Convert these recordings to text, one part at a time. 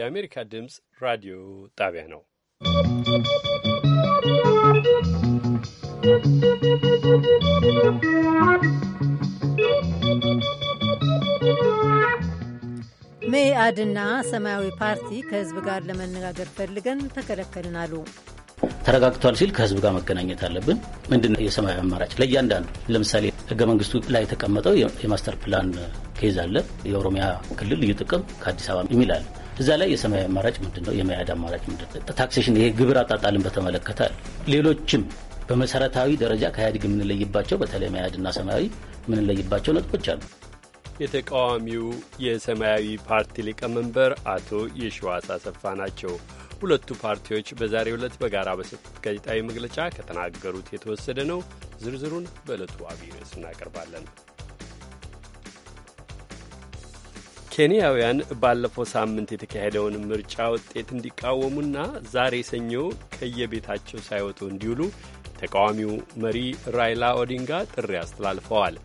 የአሜሪካ ድምፅ ራዲዮ ጣቢያ ነው። መኢአድና ሰማያዊ ፓርቲ ከህዝብ ጋር ለመነጋገር ፈልገን ተከለከልን አሉ። ተረጋግቷል ሲል ከህዝብ ጋር መገናኘት አለብን። ምንድነው የሰማያዊ አማራጭ? ለእያንዳንዱ ለምሳሌ ህገ መንግስቱ ላይ የተቀመጠው የማስተር ፕላን ኬዝ አለ። የኦሮሚያ ክልል ልዩ ጥቅም ከአዲስ አበባ የሚል አለ። እዛ ላይ የሰማያዊ አማራጭ ምንድን ነው? የመያድ አማራጭ ምንድን ነው? ታክሴሽን ይሄ ግብር አጣጣልን በተመለከተ ሌሎችም በመሰረታዊ ደረጃ ከኢህአዴግ የምንለይባቸው በተለይ መያድና ሰማያዊ የምንለይባቸው ነጥቦች አሉ። የተቃዋሚው የሰማያዊ ፓርቲ ሊቀመንበር አቶ የሸዋስ አሰፋ ናቸው። ሁለቱ ፓርቲዎች በዛሬው ዕለት በጋራ በሰጡት ጋዜጣዊ መግለጫ ከተናገሩት የተወሰደ ነው። ዝርዝሩን በዕለቱ አብይ ርዕስ እናቀርባለን። ኬንያውያን ባለፈው ሳምንት የተካሄደውን ምርጫ ውጤት እንዲቃወሙና ዛሬ ሰኞ ከየቤታቸው ሳይወጡ እንዲውሉ ተቃዋሚው መሪ ራይላ ኦዲንጋ ጥሪ አስተላልፈዋል።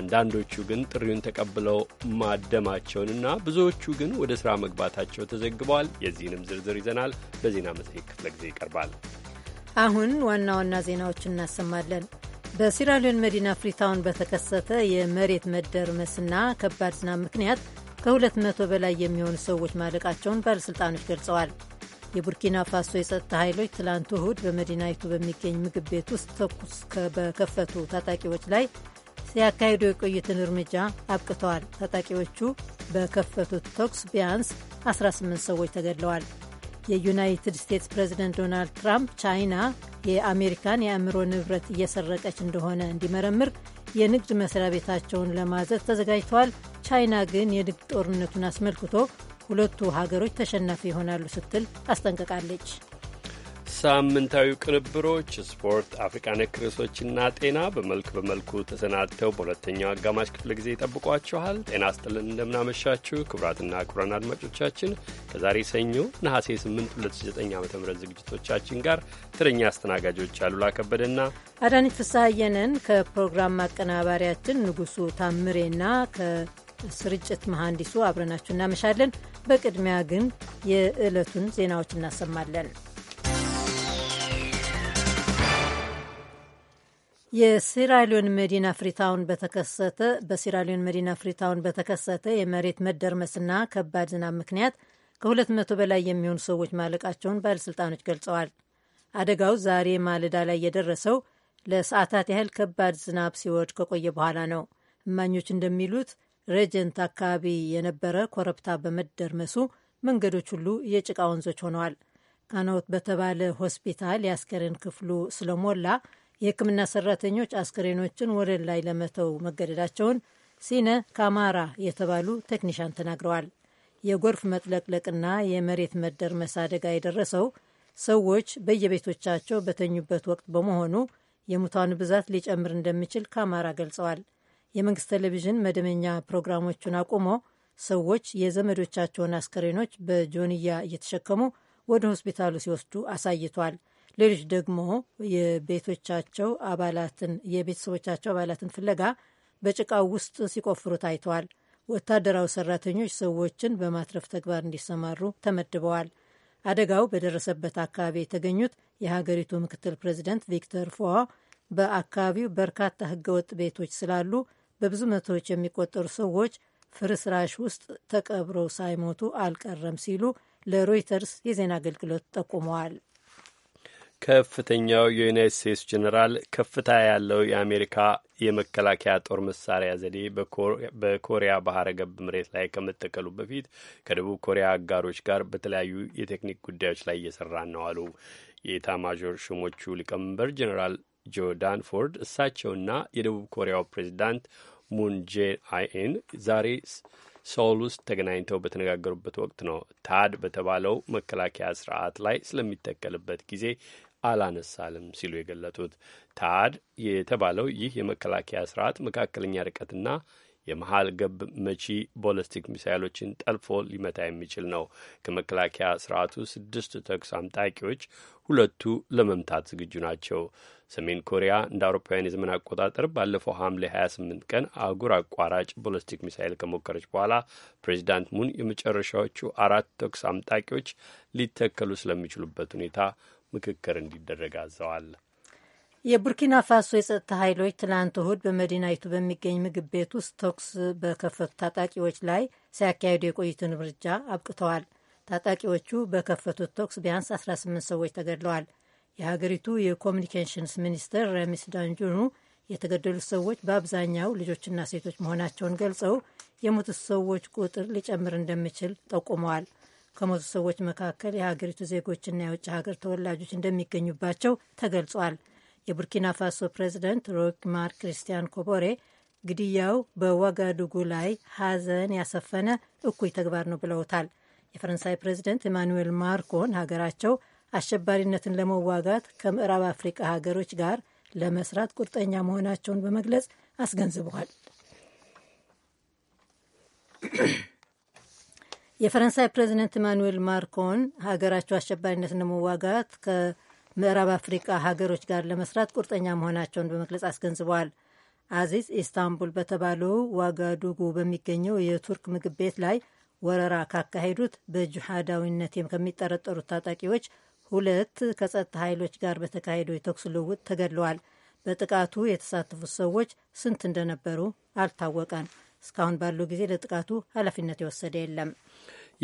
አንዳንዶቹ ግን ጥሪውን ተቀብለው ማደማቸውንና ብዙዎቹ ግን ወደ ሥራ መግባታቸው ተዘግበዋል። የዚህንም ዝርዝር ይዘናል። በዜና መጽሔት ክፍለ ጊዜ ይቀርባል። አሁን ዋና ዋና ዜናዎች እናሰማለን። በሲራሊዮን መዲና ፍሪታውን በተከሰተ የመሬት መደርመስና ከባድ ዝናብ ምክንያት ከ200 በላይ የሚሆኑ ሰዎች ማለቃቸውን ባለሥልጣኖች ገልጸዋል። የቡርኪና ፋሶ የጸጥታ ኃይሎች ትላንት እሁድ በመዲናይቱ በሚገኝ ምግብ ቤት ውስጥ ተኩስ በከፈቱ ታጣቂዎች ላይ ሲያካሂዱ የቆዩትን እርምጃ አብቅተዋል። ታጣቂዎቹ በከፈቱት ተኩስ ቢያንስ 18 ሰዎች ተገድለዋል። የዩናይትድ ስቴትስ ፕሬዚደንት ዶናልድ ትራምፕ ቻይና የአሜሪካን የአእምሮ ንብረት እየሰረቀች እንደሆነ እንዲመረምር የንግድ መስሪያ ቤታቸውን ለማዘዝ ተዘጋጅተዋል። ቻይና ግን የንግድ ጦርነቱን አስመልክቶ ሁለቱ ሀገሮች ተሸናፊ ይሆናሉ ስትል አስጠንቅቃለች። ሳምንታዊ ቅንብሮች፣ ስፖርት፣ አፍሪካ ነክ ርዕሶችና ጤና በመልክ በመልኩ ተሰናድተው በሁለተኛው አጋማሽ ክፍለ ጊዜ ይጠብቋችኋል። ጤና ስጥልን፣ እንደምናመሻችሁ ክቡራትና ክቡራን አድማጮቻችን ከዛሬ ሰኞ ነሐሴ 8 2009 ዓ ም ዝግጅቶቻችን ጋር ትረኛ አስተናጋጆች አሉላ ከበደና አዳነች ፍስሐየንን ከፕሮግራም ማቀናባሪያችን ንጉሱ ታምሬና ስርጭት መሐንዲሱ አብረናችሁ እናመሻለን። በቅድሚያ ግን የዕለቱን ዜናዎች እናሰማለን። የሲራሊዮን መዲና ፍሪታውን በተከሰተ በሲራሊዮን መዲና ፍሪታውን በተከሰተ የመሬት መደርመስና ከባድ ዝናብ ምክንያት ከሁለት መቶ በላይ የሚሆኑ ሰዎች ማለቃቸውን ባለሥልጣኖች ገልጸዋል። አደጋው ዛሬ ማለዳ ላይ የደረሰው ለሰዓታት ያህል ከባድ ዝናብ ሲወድ ከቆየ በኋላ ነው። እማኞች እንደሚሉት ሬጀንት አካባቢ የነበረ ኮረብታ በመደርመሱ መንገዶች ሁሉ የጭቃ ወንዞች ሆነዋል። ካናውት በተባለ ሆስፒታል የአስከሬን ክፍሉ ስለሞላ የሕክምና ሰራተኞች አስከሬኖችን ወለል ላይ ለመተው መገደዳቸውን ሲነ ካማራ የተባሉ ቴክኒሽያን ተናግረዋል። የጎርፍ መጥለቅለቅና የመሬት መደርመስ አደጋ የደረሰው ሰዎች በየቤቶቻቸው በተኙበት ወቅት በመሆኑ የሙታኑ ብዛት ሊጨምር እንደሚችል ካማራ ገልጸዋል። የመንግስት ቴሌቪዥን መደበኛ ፕሮግራሞቹን አቁሞ ሰዎች የዘመዶቻቸውን አስከሬኖች በጆንያ እየተሸከሙ ወደ ሆስፒታሉ ሲወስዱ አሳይቷል። ሌሎች ደግሞ የቤቶቻቸው አባላትን የቤተሰቦቻቸው አባላትን ፍለጋ በጭቃው ውስጥ ሲቆፍሩ ታይተዋል። ወታደራዊ ሰራተኞች ሰዎችን በማትረፍ ተግባር እንዲሰማሩ ተመድበዋል። አደጋው በደረሰበት አካባቢ የተገኙት የሀገሪቱ ምክትል ፕሬዚደንት ቪክተር ፎዋ በአካባቢው በርካታ ህገወጥ ቤቶች ስላሉ በብዙ መቶዎች የሚቆጠሩ ሰዎች ፍርስራሽ ውስጥ ተቀብረው ሳይሞቱ አልቀረም ሲሉ ለሮይተርስ የዜና አገልግሎት ጠቁመዋል። ከፍተኛው የዩናይት ስቴትስ ጀኔራል ከፍታ ያለው የአሜሪካ የመከላከያ ጦር መሳሪያ ዘዴ በኮሪያ ባህረ ገብ መሬት ላይ ከመጠቀሉ በፊት ከደቡብ ኮሪያ አጋሮች ጋር በተለያዩ የቴክኒክ ጉዳዮች ላይ እየሰራን ነው አሉ። የኢታማዦር ሹሞቹ ሊቀመንበር ጀኔራል ጆ ዳንፎርድ እሳቸውና የደቡብ ኮሪያው ፕሬዚዳንት ሙን አይን ዛሬ ሶል ውስጥ ተገናኝተው በተነጋገሩበት ወቅት ነው ታድ በተባለው መከላከያ ስርዓት ላይ ስለሚተከልበት ጊዜ አላነሳልም ሲሉ የገለጡት። ታድ የተባለው ይህ የመከላከያ ስርዓት መካከለኛ ርቀትና የመሀል ገብ መቺ ቦለስቲክ ሚሳይሎችን ጠልፎ ሊመታ የሚችል ነው። ከመከላከያ ስርዓቱ ስድስት ተኩስ አምጣቂዎች ሁለቱ ለመምታት ዝግጁ ናቸው። ሰሜን ኮሪያ እንደ አውሮፓውያን የዘመን አቆጣጠር ባለፈው ሐምሌ 28 ቀን አህጉር አቋራጭ ቦለስቲክ ሚሳይል ከሞከረች በኋላ ፕሬዚዳንት ሙን የመጨረሻዎቹ አራት ተኩስ አምጣቂዎች ሊተከሉ ስለሚችሉበት ሁኔታ ምክክር እንዲደረግ አዘዋል። የቡርኪና ፋሶ የጸጥታ ኃይሎች ትናንት እሁድ በመዲናይቱ በሚገኝ ምግብ ቤት ውስጥ ተኩስ በከፈቱ ታጣቂዎች ላይ ሲያካሂዱ የቆዩትን እርምጃ አብቅተዋል። ታጣቂዎቹ በከፈቱት ተኩስ ቢያንስ 18 ሰዎች ተገድለዋል። የሀገሪቱ የኮሚኒኬሽንስ ሚኒስትር ረሚስ ዳንጁኑ የተገደሉት ሰዎች በአብዛኛው ልጆችና ሴቶች መሆናቸውን ገልጸው የሞቱት ሰዎች ቁጥር ሊጨምር እንደሚችል ጠቁመዋል። ከሞቱት ሰዎች መካከል የሀገሪቱ ዜጎችና የውጭ ሀገር ተወላጆች እንደሚገኙባቸው ተገልጿል። የቡርኪና ፋሶ ፕሬዚደንት ሮክማር ክርስቲያን ኮቦሬ ግድያው በዋጋዱጉ ላይ ሀዘን ያሰፈነ እኩይ ተግባር ነው ብለውታል። የፈረንሳይ ፕሬዚደንት ኢማኑዌል ማክሮን ሀገራቸው አሸባሪነትን ለመዋጋት ከምዕራብ አፍሪቃ ሀገሮች ጋር ለመስራት ቁርጠኛ መሆናቸውን በመግለጽ አስገንዝበዋል። የፈረንሳይ ፕሬዚደንት ኢማኑዌል ማክሮን ሀገራቸው አሸባሪነትን ለመዋጋት ምዕራብ አፍሪቃ ሀገሮች ጋር ለመስራት ቁርጠኛ መሆናቸውን በመግለጽ አስገንዝበዋል። አዚዝ ኢስታንቡል በተባለው ዋጋዱጉ በሚገኘው የቱርክ ምግብ ቤት ላይ ወረራ ካካሄዱት በጅሃዳዊነት ከሚጠረጠሩት ታጣቂዎች ሁለት ከጸጥታ ኃይሎች ጋር በተካሄደው የተኩስ ልውውጥ ተገድለዋል። በጥቃቱ የተሳተፉት ሰዎች ስንት እንደነበሩ አልታወቀም። እስካሁን ባለው ጊዜ ለጥቃቱ ኃላፊነት የወሰደ የለም።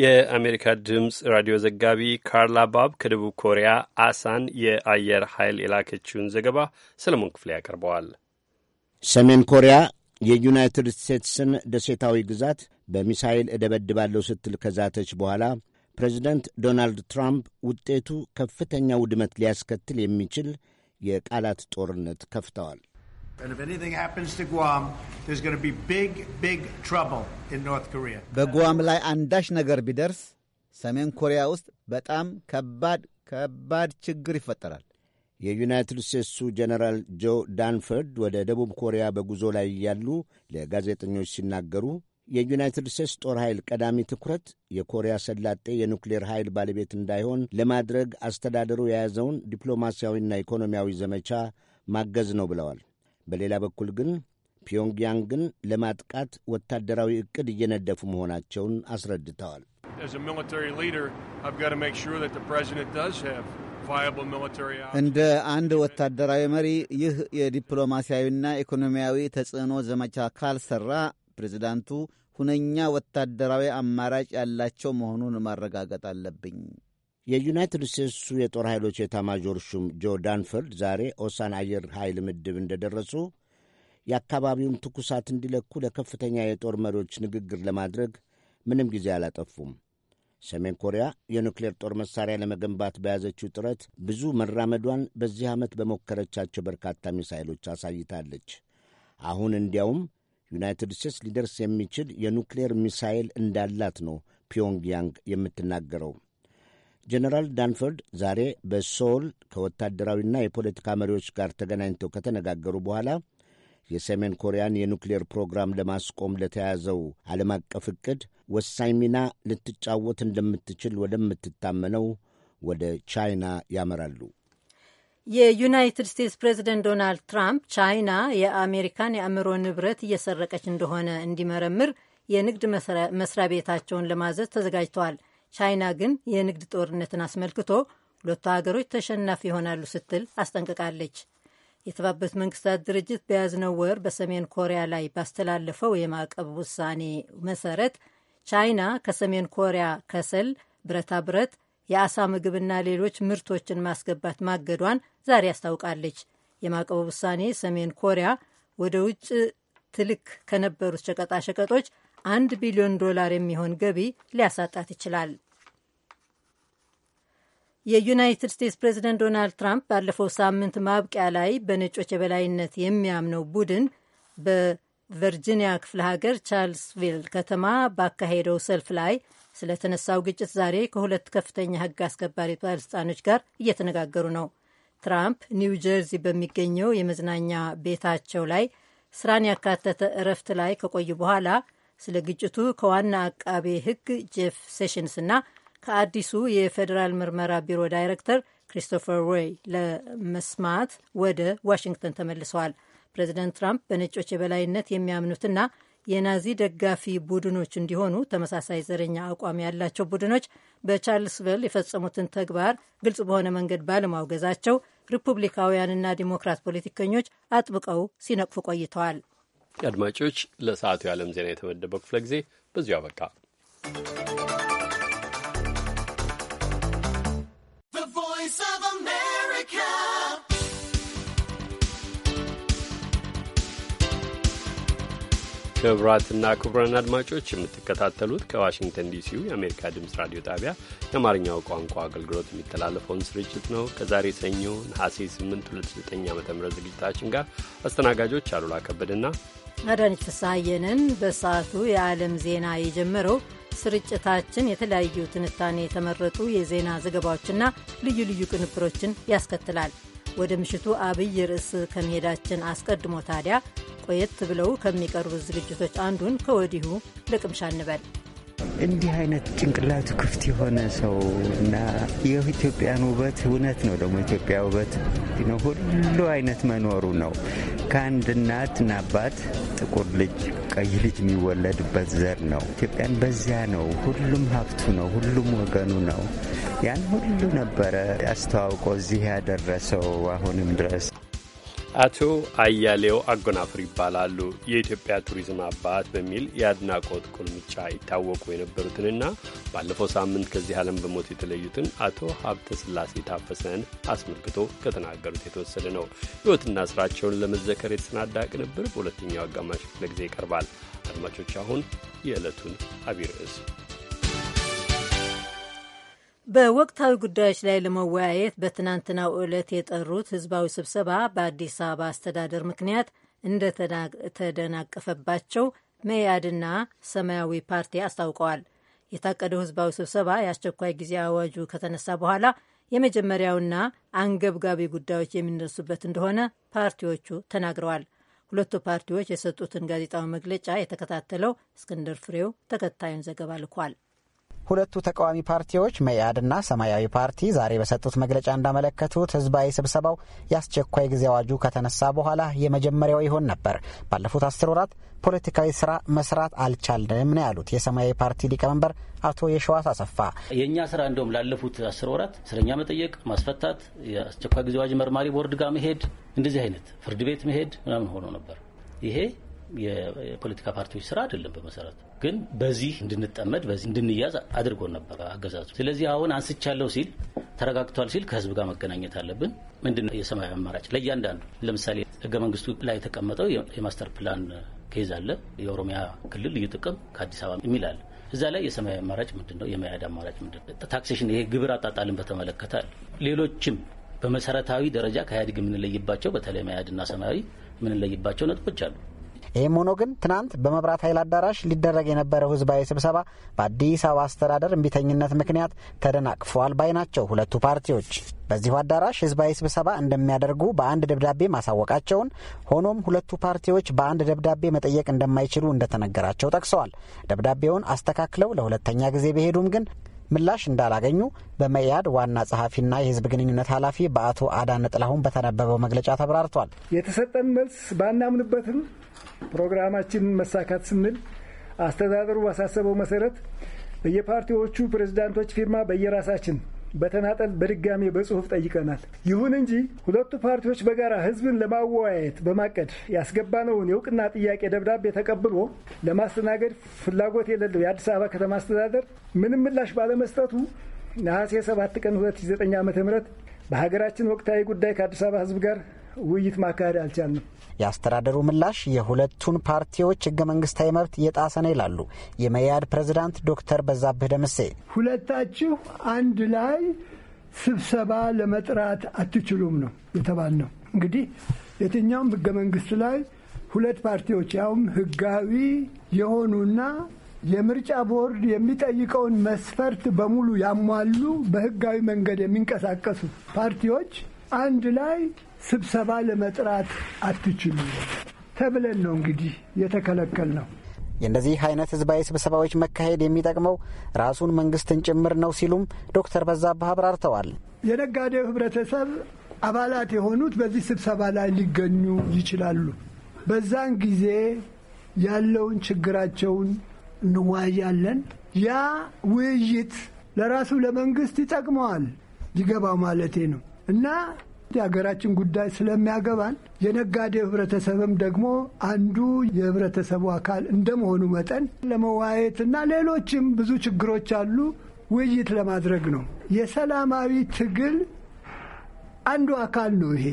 የአሜሪካ ድምፅ ራዲዮ ዘጋቢ ካርላ ባብ ከደቡብ ኮሪያ አሳን የአየር ኃይል የላከችውን ዘገባ ሰለሞን ክፍሌ ያቀርበዋል። ሰሜን ኮሪያ የዩናይትድ ስቴትስን ደሴታዊ ግዛት በሚሳይል እደበድባለሁ ስትል ከዛተች በኋላ ፕሬዚደንት ዶናልድ ትራምፕ ውጤቱ ከፍተኛ ውድመት ሊያስከትል የሚችል የቃላት ጦርነት ከፍተዋል። በጓም ላይ አንዳች ነገር ቢደርስ ሰሜን ኮሪያ ውስጥ በጣም ከባድ ከባድ ችግር ይፈጠራል። የዩናይትድ ስቴትሱ ጀነራል ጆ ዳንፈርድ ወደ ደቡብ ኮሪያ በጉዞ ላይ እያሉ ለጋዜጠኞች ሲናገሩ የዩናይትድ ስቴትስ ጦር ኃይል ቀዳሚ ትኩረት የኮሪያ ሰላጤ የኑክሌር ኃይል ባለቤት እንዳይሆን ለማድረግ አስተዳደሩ የያዘውን ዲፕሎማሲያዊና ኢኮኖሚያዊ ዘመቻ ማገዝ ነው ብለዋል። በሌላ በኩል ግን ፒዮንግያንግን ለማጥቃት ወታደራዊ ዕቅድ እየነደፉ መሆናቸውን አስረድተዋል። እንደ አንድ ወታደራዊ መሪ ይህ የዲፕሎማሲያዊና ኢኮኖሚያዊ ተጽዕኖ ዘመቻ ካልሰራ ፕሬዚዳንቱ ሁነኛ ወታደራዊ አማራጭ ያላቸው መሆኑን ማረጋገጥ አለብኝ የዩናይትድ ስቴትሱ የጦር ኃይሎች የታማዦር ሹም ጆ ዳንፈርድ ዛሬ ኦሳን አየር ኃይል ምድብ እንደደረሱ የአካባቢውን ትኩሳት እንዲለኩ ለከፍተኛ የጦር መሪዎች ንግግር ለማድረግ ምንም ጊዜ አላጠፉም። ሰሜን ኮሪያ የኑክሌር ጦር መሳሪያ ለመገንባት በያዘችው ጥረት ብዙ መራመዷን በዚህ ዓመት በሞከረቻቸው በርካታ ሚሳይሎች አሳይታለች። አሁን እንዲያውም ዩናይትድ ስቴትስ ሊደርስ የሚችል የኑክሌር ሚሳይል እንዳላት ነው ፒዮንግያንግ የምትናገረው። ጀነራል ዳንፈርድ ዛሬ በሶል ከወታደራዊና የፖለቲካ መሪዎች ጋር ተገናኝተው ከተነጋገሩ በኋላ የሰሜን ኮሪያን የኑክሌር ፕሮግራም ለማስቆም ለተያዘው ዓለም አቀፍ ዕቅድ ወሳኝ ሚና ልትጫወት እንደምትችል ወደምትታመነው ወደ ቻይና ያመራሉ። የዩናይትድ ስቴትስ ፕሬዚደንት ዶናልድ ትራምፕ ቻይና የአሜሪካን የአእምሮ ንብረት እየሰረቀች እንደሆነ እንዲመረምር የንግድ መስሪያ ቤታቸውን ለማዘዝ ተዘጋጅተዋል። ቻይና ግን የንግድ ጦርነትን አስመልክቶ ሁለቱ ሀገሮች ተሸናፊ ይሆናሉ ስትል አስጠንቅቃለች። የተባበሩት መንግስታት ድርጅት በያዝነው ወር በሰሜን ኮሪያ ላይ ባስተላለፈው የማዕቀብ ውሳኔ መሰረት ቻይና ከሰሜን ኮሪያ ከሰል፣ ብረታ ብረት፣ የአሳ ምግብና ሌሎች ምርቶችን ማስገባት ማገዷን ዛሬ አስታውቃለች። የማዕቀብ ውሳኔ ሰሜን ኮሪያ ወደ ውጭ ትልክ ከነበሩት ሸቀጣሸቀጦች አንድ ቢሊዮን ዶላር የሚሆን ገቢ ሊያሳጣት ይችላል። የዩናይትድ ስቴትስ ፕሬዚደንት ዶናልድ ትራምፕ ባለፈው ሳምንት ማብቂያ ላይ በነጮች የበላይነት የሚያምነው ቡድን በቨርጂኒያ ክፍለ ሀገር ቻርልስቪል ከተማ ባካሄደው ሰልፍ ላይ ስለተነሳው ግጭት ዛሬ ከሁለት ከፍተኛ ሕግ አስከባሪ ባለሥልጣኖች ጋር እየተነጋገሩ ነው። ትራምፕ ኒው ጀርዚ በሚገኘው የመዝናኛ ቤታቸው ላይ ስራን ያካተተ እረፍት ላይ ከቆዩ በኋላ ስለ ግጭቱ ከዋና አቃቤ ሕግ ጄፍ ሴሽንስ እና ከአዲሱ የፌዴራል ምርመራ ቢሮ ዳይሬክተር ክሪስቶፈር ሮይ ለመስማት ወደ ዋሽንግተን ተመልሰዋል። ፕሬዚደንት ትራምፕ በነጮች የበላይነት የሚያምኑትና የናዚ ደጋፊ ቡድኖች እንዲሆኑ ተመሳሳይ ዘረኛ አቋም ያላቸው ቡድኖች በቻርልስቨል የፈጸሙትን ተግባር ግልጽ በሆነ መንገድ ባለማውገዛቸው ሪፑብሊካውያንና ዲሞክራት ፖለቲከኞች አጥብቀው ሲነቅፉ ቆይተዋል። አድማጮች፣ ለሰዓቱ የዓለም ዜና የተመደበው ክፍለ ጊዜ በዚሁ አበቃ። ክቡራትና ክቡራን አድማጮች የምትከታተሉት ከዋሽንግተን ዲሲው የአሜሪካ ድምፅ ራዲዮ ጣቢያ የአማርኛው ቋንቋ አገልግሎት የሚተላለፈውን ስርጭት ነው። ከዛሬ ሰኞ ነሐሴ 8 2009 ዓ ም ዝግጅታችን ጋር አስተናጋጆች አሉላ ከበድና አዳነች ፍስሐየንን። በሰዓቱ የዓለም ዜና የጀመረው ስርጭታችን የተለያዩ ትንታኔ የተመረጡ የዜና ዘገባዎችና ልዩ ልዩ ቅንብሮችን ያስከትላል። ወደ ምሽቱ አብይ ርዕስ ከመሄዳችን አስቀድሞ ታዲያ ቆየት ብለው ከሚቀርቡ ዝግጅቶች አንዱን ከወዲሁ ለቅምሻ እንበል። እንዲህ አይነት ጭንቅላቱ ክፍት የሆነ ሰው እና የኢትዮጵያን ውበት እውነት ነው ደግሞ ኢትዮጵያ ውበት ነው ሁሉ አይነት መኖሩ ነው። ከአንድ እናትና አባት ጥቁር ልጅ፣ ቀይ ልጅ የሚወለድበት ዘር ነው። ኢትዮጵያን በዚያ ነው። ሁሉም ሀብቱ ነው። ሁሉም ወገኑ ነው። ያን ሁሉ ነበረ አስተዋውቆ እዚህ ያደረሰው አሁንም ድረስ። አቶ አያሌው አጎናፍር ይባላሉ። የኢትዮጵያ ቱሪዝም አባት በሚል የአድናቆት ቁልምጫ ይታወቁ የነበሩትንና ባለፈው ሳምንት ከዚህ ዓለም በሞት የተለዩትን አቶ ሀብተ ስላሴ ታፈሰን አስመልክቶ ከተናገሩት የተወሰደ ነው። ሕይወትና ስራቸውን ለመዘከር የተሰናዳ ቅንብር በሁለተኛው አጋማሽ ክፍለ ጊዜ ይቀርባል። አድማጮች፣ አሁን የዕለቱን አቢይ ርዕስ በወቅታዊ ጉዳዮች ላይ ለመወያየት በትናንትናው ዕለት የጠሩት ህዝባዊ ስብሰባ በአዲስ አበባ አስተዳደር ምክንያት እንደተደናቀፈባቸው መያድና ሰማያዊ ፓርቲ አስታውቀዋል። የታቀደው ህዝባዊ ስብሰባ የአስቸኳይ ጊዜ አዋጁ ከተነሳ በኋላ የመጀመሪያውና አንገብጋቢ ጉዳዮች የሚነሱበት እንደሆነ ፓርቲዎቹ ተናግረዋል። ሁለቱ ፓርቲዎች የሰጡትን ጋዜጣዊ መግለጫ የተከታተለው እስክንድር ፍሬው ተከታዩን ዘገባ ልኳል። ሁለቱ ተቃዋሚ ፓርቲዎች መኢአድና ሰማያዊ ፓርቲ ዛሬ በሰጡት መግለጫ እንዳመለከቱት ህዝባዊ ስብሰባው የአስቸኳይ ጊዜ አዋጁ ከተነሳ በኋላ የመጀመሪያው ይሆን ነበር። ባለፉት አስር ወራት ፖለቲካዊ ስራ መስራት አልቻልንም ነው ያሉት የሰማያዊ ፓርቲ ሊቀመንበር አቶ የሸዋስ አሰፋ። የእኛ ስራ እንደውም ላለፉት አስር ወራት እስረኛ መጠየቅ፣ ማስፈታት፣ የአስቸኳይ ጊዜ አዋጅ መርማሪ ቦርድ ጋር መሄድ፣ እንደዚህ አይነት ፍርድ ቤት መሄድ ምናምን ሆኖ ነበር። ይሄ የፖለቲካ ፓርቲዎች ስራ አይደለም በመሰረቱ ግን በዚህ እንድንጠመድ በዚህ እንድንያዝ አድርጎ ነበረ አገዛዙ። ስለዚህ አሁን አንስቻለሁ ሲል ተረጋግቷል ሲል ከህዝብ ጋር መገናኘት አለብን። ምንድነው የሰማያዊ አማራጭ ለእያንዳንዱ? ለምሳሌ ህገ መንግስቱ ላይ የተቀመጠው የማስተር ፕላን ኬዝ አለ። የኦሮሚያ ክልል ልዩ ጥቅም ከአዲስ አበባ የሚል አለ። እዛ ላይ የሰማያዊ አማራጭ ምንድን ነው? የመያድ አማራጭ ምንድን ነው? ታክሴሽን፣ ይሄ ግብር አጣጣልን በተመለከተ አለ። ሌሎችም በመሰረታዊ ደረጃ ከኢህአዴግ የምንለይባቸው በተለይ መያድና ሰማያዊ የምንለይባቸው ነጥቦች አሉ። ይህም ሆኖ ግን ትናንት በመብራት ኃይል አዳራሽ ሊደረግ የነበረው ህዝባዊ ስብሰባ በአዲስ አበባ አስተዳደር እምቢተኝነት ምክንያት ተደናቅፏል ባይ ናቸው ሁለቱ ፓርቲዎች። በዚሁ አዳራሽ ህዝባዊ ስብሰባ እንደሚያደርጉ በአንድ ደብዳቤ ማሳወቃቸውን፣ ሆኖም ሁለቱ ፓርቲዎች በአንድ ደብዳቤ መጠየቅ እንደማይችሉ እንደተነገራቸው ጠቅሰዋል። ደብዳቤውን አስተካክለው ለሁለተኛ ጊዜ ቢሄዱም ግን ምላሽ እንዳላገኙ በመያድ ዋና ጸሐፊና የህዝብ ግንኙነት ኃላፊ በአቶ አዳነ ጥላሁን በተነበበው መግለጫ ተብራርቷል። የተሰጠን መልስ ባናምንበትም ፕሮግራማችን መሳካት ስንል አስተዳደሩ ባሳሰበው መሰረት በየፓርቲዎቹ ፕሬዚዳንቶች ፊርማ በየራሳችን በተናጠል በድጋሜ በጽሁፍ ጠይቀናል። ይሁን እንጂ ሁለቱ ፓርቲዎች በጋራ ህዝብን ለማወያየት በማቀድ ያስገባነውን የእውቅና ጥያቄ ደብዳቤ ተቀብሎ ለማስተናገድ ፍላጎት የሌለው የአዲስ አበባ ከተማ አስተዳደር ምንም ምላሽ ባለመስጠቱ ነሐሴ 7 ቀን 2009 ዓ.ም በሀገራችን ወቅታዊ ጉዳይ ከአዲስ አበባ ህዝብ ጋር ውይይት ማካሄድ አልቻልንም። የአስተዳደሩ ምላሽ የሁለቱን ፓርቲዎች ህገ መንግስታዊ መብት እየጣሰ ነው ይላሉ የመያድ ፕሬዝዳንት ዶክተር በዛብህ ደምሴ። ሁለታችሁ አንድ ላይ ስብሰባ ለመጥራት አትችሉም ነው የተባል ነው። እንግዲህ የትኛውም ህገ መንግስት ላይ ሁለት ፓርቲዎች ያውም ህጋዊ የሆኑና የምርጫ ቦርድ የሚጠይቀውን መስፈርት በሙሉ ያሟሉ በህጋዊ መንገድ የሚንቀሳቀሱ ፓርቲዎች አንድ ላይ ስብሰባ ለመጥራት አትችሉ ተብለን ነው እንግዲህ የተከለከል ነው። የእንደዚህ አይነት ህዝባዊ ስብሰባዎች መካሄድ የሚጠቅመው ራሱን መንግስትን ጭምር ነው ሲሉም ዶክተር በዛብህ አብራርተዋል። የነጋዴው ህብረተሰብ አባላት የሆኑት በዚህ ስብሰባ ላይ ሊገኙ ይችላሉ። በዛን ጊዜ ያለውን ችግራቸውን እንዋያለን ያ ውይይት ለራሱ ለመንግስት ይጠቅመዋል ይገባው ማለቴ ነው እና የሀገራችን ጉዳይ ስለሚያገባን የነጋዴ ህብረተሰብም ደግሞ አንዱ የህብረተሰቡ አካል እንደመሆኑ መጠን እና ሌሎችም ብዙ ችግሮች አሉ ውይይት ለማድረግ ነው። የሰላማዊ ትግል አንዱ አካል ነው ይሄ።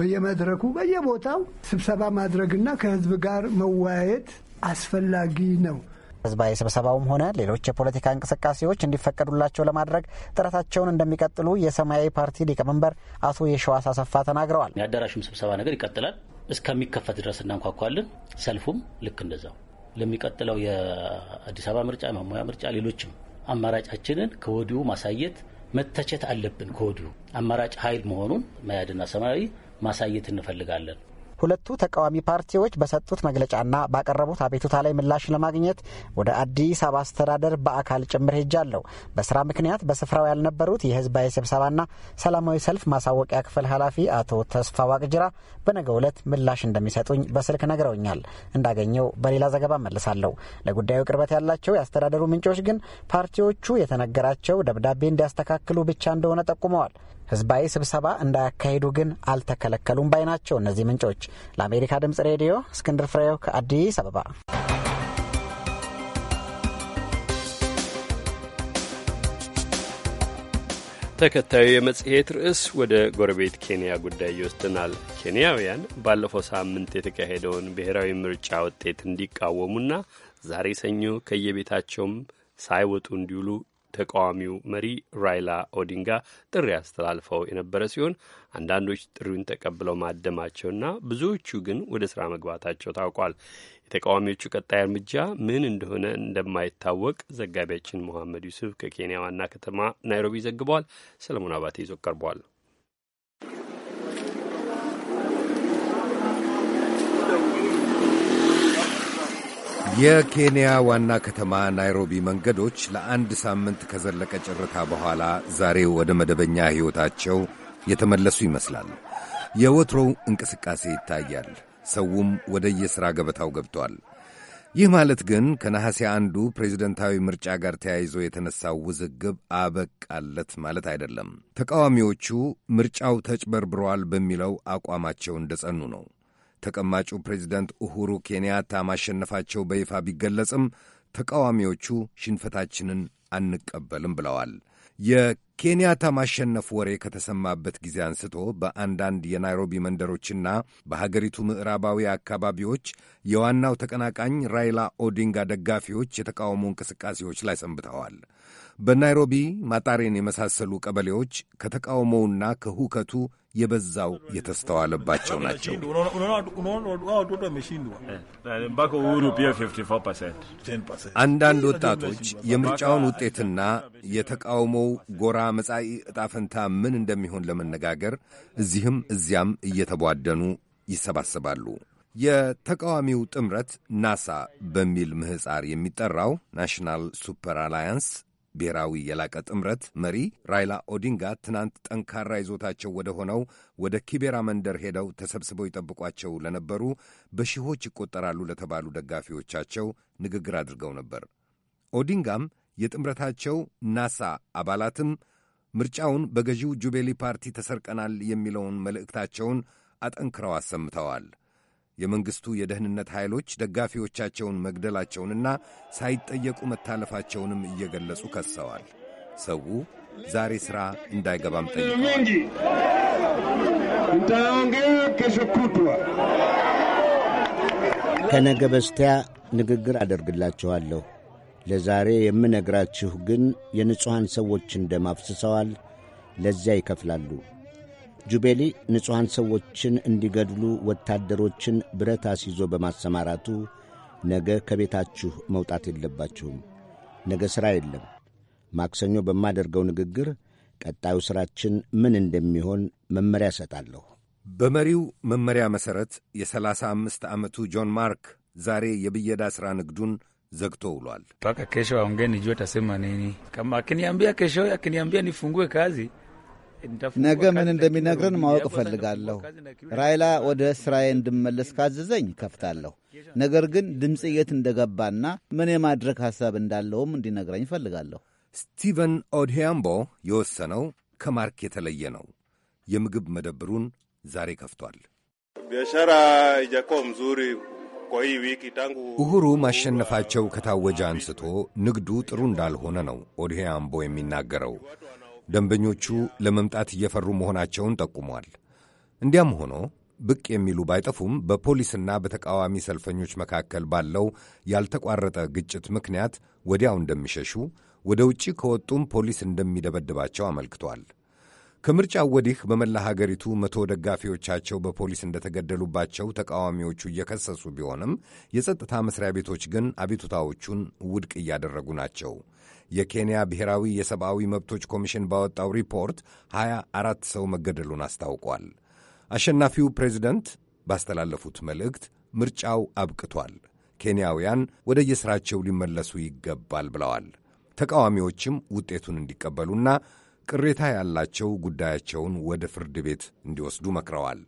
በየመድረኩ በየቦታው ስብሰባ ማድረግና ከህዝብ ጋር መወያየት አስፈላጊ ነው። ህዝባዊ ስብሰባውም ሆነ ሌሎች የፖለቲካ እንቅስቃሴዎች እንዲፈቀዱላቸው ለማድረግ ጥረታቸውን እንደሚቀጥሉ የሰማያዊ ፓርቲ ሊቀመንበር አቶ የሸዋስ አሰፋ ተናግረዋል። የአዳራሹም ስብሰባ ነገር ይቀጥላል። እስከሚከፈት ድረስ እናንኳኳለን። ሰልፉም ልክ እንደዛው ለሚቀጥለው የአዲስ አበባ ምርጫ፣ የመሙያ ምርጫ፣ ሌሎችም አማራጫችንን ከወዲሁ ማሳየት መተቸት አለብን። ከወዲሁ አማራጭ ኃይል መሆኑን መያድና ሰማያዊ ማሳየት እንፈልጋለን። ሁለቱ ተቃዋሚ ፓርቲዎች በሰጡት መግለጫና ባቀረቡት አቤቱታ ላይ ምላሽ ለማግኘት ወደ አዲስ አበባ አስተዳደር በአካል ጭምር ሄጃለሁ። በስራ ምክንያት በስፍራው ያልነበሩት የህዝባዊ ስብሰባና ሰላማዊ ሰልፍ ማሳወቂያ ክፍል ኃላፊ አቶ ተስፋ ዋቅጅራ በነገ ዕለት ምላሽ እንደሚሰጡኝ በስልክ ነግረውኛል። እንዳገኘው በሌላ ዘገባ መልሳለሁ ለጉዳዩ ቅርበት ያላቸው የአስተዳደሩ ምንጮች ግን ፓርቲዎቹ የተነገራቸው ደብዳቤ እንዲያስተካክሉ ብቻ እንደሆነ ጠቁመዋል። ህዝባዊ ስብሰባ እንዳያካሂዱ ግን አልተከለከሉም ባይ ናቸው። እነዚህ ምንጮች ለአሜሪካ ድምጽ ሬዲዮ እስክንድር ፍሬው ከአዲስ አበባ ተከታዩ የመጽሔት ርዕስ ወደ ጎረቤት ኬንያ ጉዳይ ይወስደናል። ኬንያውያን ባለፈው ሳምንት የተካሄደውን ብሔራዊ ምርጫ ውጤት እንዲቃወሙና ዛሬ ሰኞ ከየቤታቸውም ሳይወጡ እንዲውሉ ተቃዋሚው መሪ ራይላ ኦዲንጋ ጥሪ አስተላልፈው የነበረ ሲሆን አንዳንዶች ጥሪውን ተቀብለው ማደማቸውና ብዙዎቹ ግን ወደ ስራ መግባታቸው ታውቋል። የተቃዋሚዎቹ ቀጣይ እርምጃ ምን እንደሆነ እንደማይታወቅ ዘጋቢያችን መሐመድ ዩሱፍ ከኬንያ ዋና ከተማ ናይሮቢ ዘግቧል። ሰለሞን አባቴ ይዞ ቀርቧል። የኬንያ ዋና ከተማ ናይሮቢ መንገዶች ለአንድ ሳምንት ከዘለቀ ጭርታ በኋላ ዛሬ ወደ መደበኛ ሕይወታቸው የተመለሱ ይመስላል። የወትሮው እንቅስቃሴ ይታያል። ሰውም ወደ የሥራ ገበታው ገብቷል። ይህ ማለት ግን ከነሐሴ አንዱ ፕሬዚደንታዊ ምርጫ ጋር ተያይዞ የተነሳው ውዝግብ አበቃለት ማለት አይደለም። ተቃዋሚዎቹ ምርጫው ተጭበርብሯል በሚለው አቋማቸው እንደጸኑ ነው። ተቀማጩ ፕሬዚደንት ኡሁሩ ኬንያታ ማሸነፋቸው በይፋ ቢገለጽም ተቃዋሚዎቹ ሽንፈታችንን አንቀበልም ብለዋል። የኬንያታ ማሸነፍ ወሬ ከተሰማበት ጊዜ አንስቶ በአንዳንድ የናይሮቢ መንደሮችና በሀገሪቱ ምዕራባዊ አካባቢዎች የዋናው ተቀናቃኝ ራይላ ኦዲንጋ ደጋፊዎች የተቃውሞ እንቅስቃሴዎች ላይ ሰንብተዋል። በናይሮቢ ማጣሬን የመሳሰሉ ቀበሌዎች ከተቃውሞውና ከሁከቱ የበዛው የተስተዋለባቸው ናቸው። አንዳንድ ወጣቶች የምርጫውን ውጤትና የተቃውሞው ጎራ መጻኢ ዕጣ ፈንታ ምን እንደሚሆን ለመነጋገር እዚህም እዚያም እየተቧደኑ ይሰባሰባሉ። የተቃዋሚው ጥምረት ናሳ በሚል ምህፃር የሚጠራው ናሽናል ሱፐር አላያንስ ብሔራዊ የላቀ ጥምረት መሪ ራይላ ኦዲንጋ ትናንት ጠንካራ ይዞታቸው ወደ ሆነው ወደ ኪቤራ መንደር ሄደው ተሰብስበው ይጠብቋቸው ለነበሩ በሺዎች ይቆጠራሉ ለተባሉ ደጋፊዎቻቸው ንግግር አድርገው ነበር። ኦዲንጋም የጥምረታቸው ናሳ አባላትም ምርጫውን በገዢው ጁቤሊ ፓርቲ ተሰርቀናል የሚለውን መልእክታቸውን አጠንክረው አሰምተዋል። የመንግሥቱ የደህንነት ኃይሎች ደጋፊዎቻቸውን መግደላቸውንና ሳይጠየቁ መታለፋቸውንም እየገለጹ ከሰዋል። ሰው ዛሬ ሥራ እንዳይገባም ጠይቀዋል። ከነገ በስቲያ ንግግር አደርግላችኋለሁ። ለዛሬ የምነግራችሁ ግን የንጹሐን ሰዎች እንደማፍስሰዋል ለዚያ ይከፍላሉ። ጁቤሊ ንጹሐን ሰዎችን እንዲገድሉ ወታደሮችን ብረት አስይዞ በማሰማራቱ ነገ ከቤታችሁ መውጣት የለባችሁም፣ ነገ ሥራ የለም፣ ማክሰኞ በማደርገው ንግግር ቀጣዩ ሥራችን ምን እንደሚሆን መመሪያ እሰጣለሁ። በመሪው መመሪያ መሠረት የሰላሳ አምስት ዓመቱ ጆን ማርክ ዛሬ የብየዳ ሥራ ንግዱን ዘግቶ ውሏል። ፓካ ኬሾ አሁንገን ጆ ታሰማኔኒ ከማ አክኒያምቢያ ኬሾ አክኒያምቢያ ኒፉንጉ ካዚ ነገ ምን እንደሚነግረን ማወቅ እፈልጋለሁ። ራይላ ወደ ስራዬ እንድመለስ ካዘዘኝ ከፍታለሁ። ነገር ግን ድምፅ የት እንደገባና ምን የማድረግ ሐሳብ እንዳለውም እንዲነግረኝ እፈልጋለሁ። ስቲቨን ኦድያምቦ የወሰነው ከማርክ የተለየ ነው። የምግብ መደብሩን ዛሬ ከፍቷል። ኡሁሩ ማሸነፋቸው ከታወጀ አንስቶ ንግዱ ጥሩ እንዳልሆነ ነው አምቦ የሚናገረው። ደንበኞቹ ለመምጣት እየፈሩ መሆናቸውን ጠቁሟል። እንዲያም ሆኖ ብቅ የሚሉ ባይጠፉም በፖሊስና በተቃዋሚ ሰልፈኞች መካከል ባለው ያልተቋረጠ ግጭት ምክንያት ወዲያው እንደሚሸሹ፣ ወደ ውጭ ከወጡም ፖሊስ እንደሚደበድባቸው አመልክቷል። ከምርጫው ወዲህ በመላ ሀገሪቱ መቶ ደጋፊዎቻቸው በፖሊስ እንደተገደሉባቸው ተቃዋሚዎቹ እየከሰሱ ቢሆንም የጸጥታ መስሪያ ቤቶች ግን አቤቱታዎቹን ውድቅ እያደረጉ ናቸው። የኬንያ ብሔራዊ የሰብአዊ መብቶች ኮሚሽን ባወጣው ሪፖርት 24 ሰው መገደሉን አስታውቋል። አሸናፊው ፕሬዚደንት ባስተላለፉት መልእክት ምርጫው አብቅቷል፣ ኬንያውያን ወደ የሥራቸው ሊመለሱ ይገባል ብለዋል። ተቃዋሚዎችም ውጤቱን እንዲቀበሉና ቅሬታ ያላቸው ጉዳያቸውን ወደ ፍርድ ቤት እንዲወስዱ መክረዋል።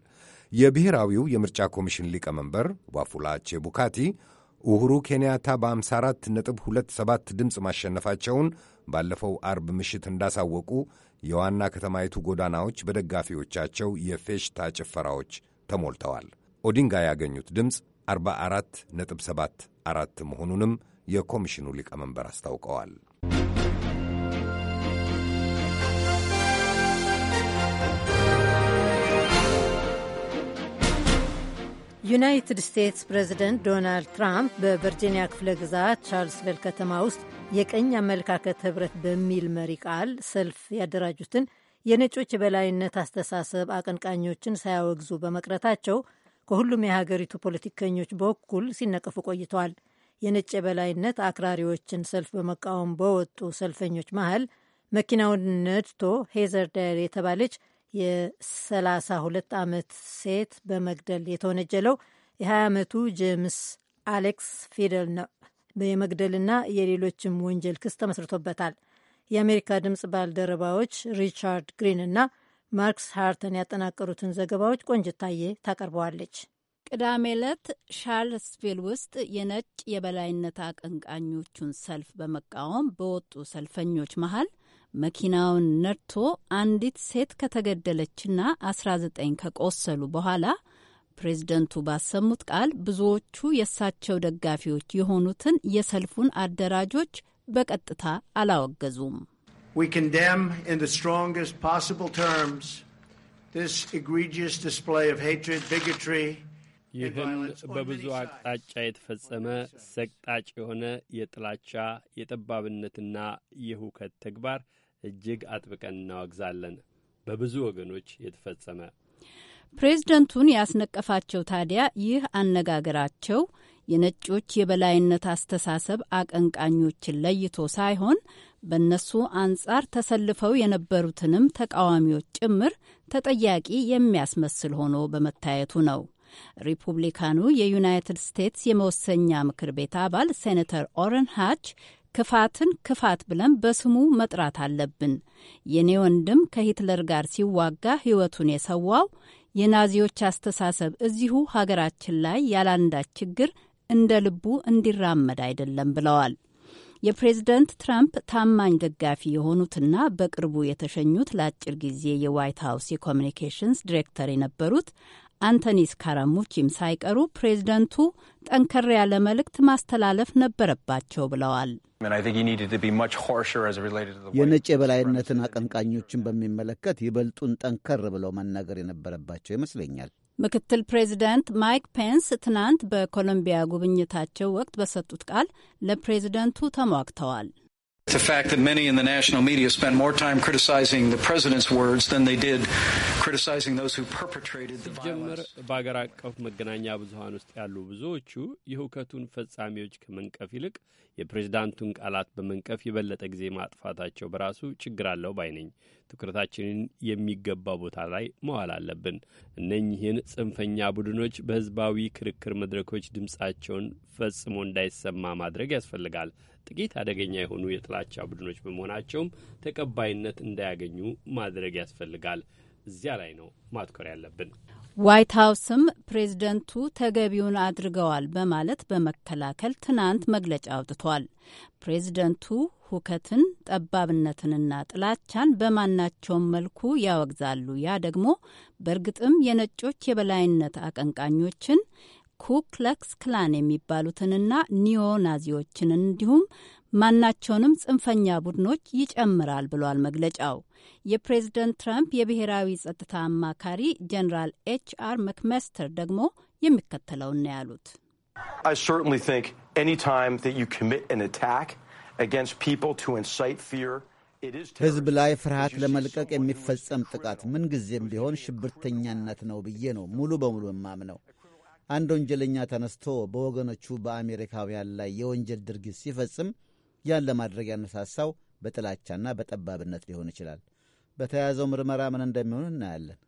የብሔራዊው የምርጫ ኮሚሽን ሊቀመንበር ዋፉላ ቼቡካቲ ኡሁሩ ኬንያታ በ54 ነጥብ 27 ድምፅ ማሸነፋቸውን ባለፈው አርብ ምሽት እንዳሳወቁ የዋና ከተማይቱ ጎዳናዎች በደጋፊዎቻቸው የፌሽታ ጭፈራዎች ተሞልተዋል። ኦዲንጋ ያገኙት ድምፅ 44 ነጥብ 74 መሆኑንም የኮሚሽኑ ሊቀመንበር አስታውቀዋል። ዩናይትድ ስቴትስ ፕሬዝደንት ዶናልድ ትራምፕ በቨርጂኒያ ክፍለ ግዛት ቻርልስቨል ከተማ ውስጥ የቀኝ አመለካከት ህብረት በሚል መሪ ቃል ሰልፍ ያደራጁትን የነጮች የበላይነት አስተሳሰብ አቀንቃኞችን ሳያወግዙ በመቅረታቸው ከሁሉም የሀገሪቱ ፖለቲከኞች በኩል ሲነቀፉ ቆይተዋል። የነጭ የበላይነት አክራሪዎችን ሰልፍ በመቃወም በወጡ ሰልፈኞች መሀል መኪናውን ነድቶ ሄዘር ዳየር የተባለች የ32 ዓመት ሴት በመግደል የተወነጀለው የ20 ዓመቱ ጄምስ አሌክስ ፊደል ነው። የመግደልና የሌሎችም ወንጀል ክስ ተመስርቶበታል። የአሜሪካ ድምፅ ባልደረባዎች ሪቻርድ ግሪን እና ማርክስ ሃርተን ያጠናቀሩትን ዘገባዎች ቆንጅታዬ ታቀርበዋለች። ቅዳሜ ዕለት ሻርልስቪል ውስጥ የነጭ የበላይነት አቀንቃኞቹን ሰልፍ በመቃወም በወጡ ሰልፈኞች መሀል መኪናውን ነድቶ አንዲት ሴት ከተገደለችና 19 ከቆሰሉ በኋላ ፕሬዝደንቱ ባሰሙት ቃል ብዙዎቹ የእሳቸው ደጋፊዎች የሆኑትን የሰልፉን አደራጆች በቀጥታ አላወገዙም። ይህን በብዙ አቅጣጫ የተፈጸመ ሰቅጣጭ የሆነ የጥላቻ የጠባብነትና የሁከት ተግባር እጅግ አጥብቀን እናወግዛለን። በብዙ ወገኖች የተፈጸመ ፕሬዝደንቱን ያስነቀፋቸው ታዲያ ይህ አነጋገራቸው የነጮች የበላይነት አስተሳሰብ አቀንቃኞችን ለይቶ ሳይሆን በእነሱ አንጻር ተሰልፈው የነበሩትንም ተቃዋሚዎች ጭምር ተጠያቂ የሚያስመስል ሆኖ በመታየቱ ነው። ሪፑብሊካኑ የዩናይትድ ስቴትስ የመወሰኛ ምክር ቤት አባል ሴኔተር ኦረን ሃች ክፋትን ክፋት ብለን በስሙ መጥራት አለብን። የኔ ወንድም ከሂትለር ጋር ሲዋጋ ሕይወቱን የሰዋው የናዚዎች አስተሳሰብ እዚሁ ሀገራችን ላይ ያላንዳች ችግር እንደ ልቡ እንዲራመድ አይደለም ብለዋል። የፕሬዝደንት ትራምፕ ታማኝ ደጋፊ የሆኑትና በቅርቡ የተሸኙት ለአጭር ጊዜ የዋይት ሀውስ የኮሚኒኬሽንስ ዲሬክተር የነበሩት አንቶኒ ስካራሙቺም ሳይቀሩ ፕሬዝደንቱ ጠንከር ያለ መልእክት ማስተላለፍ ነበረባቸው ብለዋል። የነጭ የበላይነትን አቀንቃኞችን በሚመለከት ይበልጡን ጠንከር ብለው መናገር የነበረባቸው ይመስለኛል። ምክትል ፕሬዚዳንት ማይክ ፔንስ ትናንት በኮሎምቢያ ጉብኝታቸው ወቅት በሰጡት ቃል ለፕሬዝደንቱ ተሟግተዋል። The fact that many in the national media spent more time criticizing the president's words than they did criticizing those who perpetrated the violence. በአገር አቀፍ መገናኛ ብዙኃን ውስጥ ያሉ ብዙዎቹ የሁከቱን ፈጻሚዎች ከመንቀፍ ይልቅ የፕሬዝዳንቱን ቃላት በመንቀፍ የበለጠ ጊዜ ማጥፋታቸው በራሱ ችግር አለው ባይ ነኝ። ትኩረታችንን የሚገባ ቦታ ላይ መዋል አለብን። እነኚህን ጽንፈኛ ቡድኖች በህዝባዊ ክርክር መድረኮች ድምፃቸውን ፈጽሞ እንዳይሰማ ማድረግ ያስፈልጋል። ጥቂት አደገኛ የሆኑ የጥላቻ ቡድኖች በመሆናቸውም ተቀባይነት እንዳያገኙ ማድረግ ያስፈልጋል። እዚያ ላይ ነው ማትኮር ያለብን። ዋይት ሀውስም ፕሬዝደንቱ ተገቢውን አድርገዋል በማለት በመከላከል ትናንት መግለጫ አውጥቷል። ፕሬዝደንቱ ሁከትን፣ ጠባብነትንና ጥላቻን በማናቸውም መልኩ ያወግዛሉ። ያ ደግሞ በእርግጥም የነጮች የበላይነት አቀንቃኞችን ኩክለክስ ክላን የሚባሉትንና ኒዮ ናዚዎችን እንዲሁም ማናቸውንም ጽንፈኛ ቡድኖች ይጨምራል ብሏል መግለጫው። የፕሬዝደንት ትራምፕ የብሔራዊ ጸጥታ አማካሪ ጀኔራል ኤች አር መክመስተር ደግሞ የሚከተለውን ነው ያሉት። ሕዝብ ላይ ፍርሃት ለመልቀቅ የሚፈጸም ጥቃት ምንጊዜም ቢሆን ሽብርተኛነት ነው ብዬ ነው ሙሉ በሙሉ የማምነው። አንድ ወንጀለኛ ተነስቶ በወገኖቹ በአሜሪካውያን ላይ የወንጀል ድርጊት ሲፈጽም ያን ለማድረግ ያነሳሳው በጥላቻና በጠባብነት ሊሆን ይችላል። በተያያዘው ምርመራ ምን እንደሚሆን እናያለን።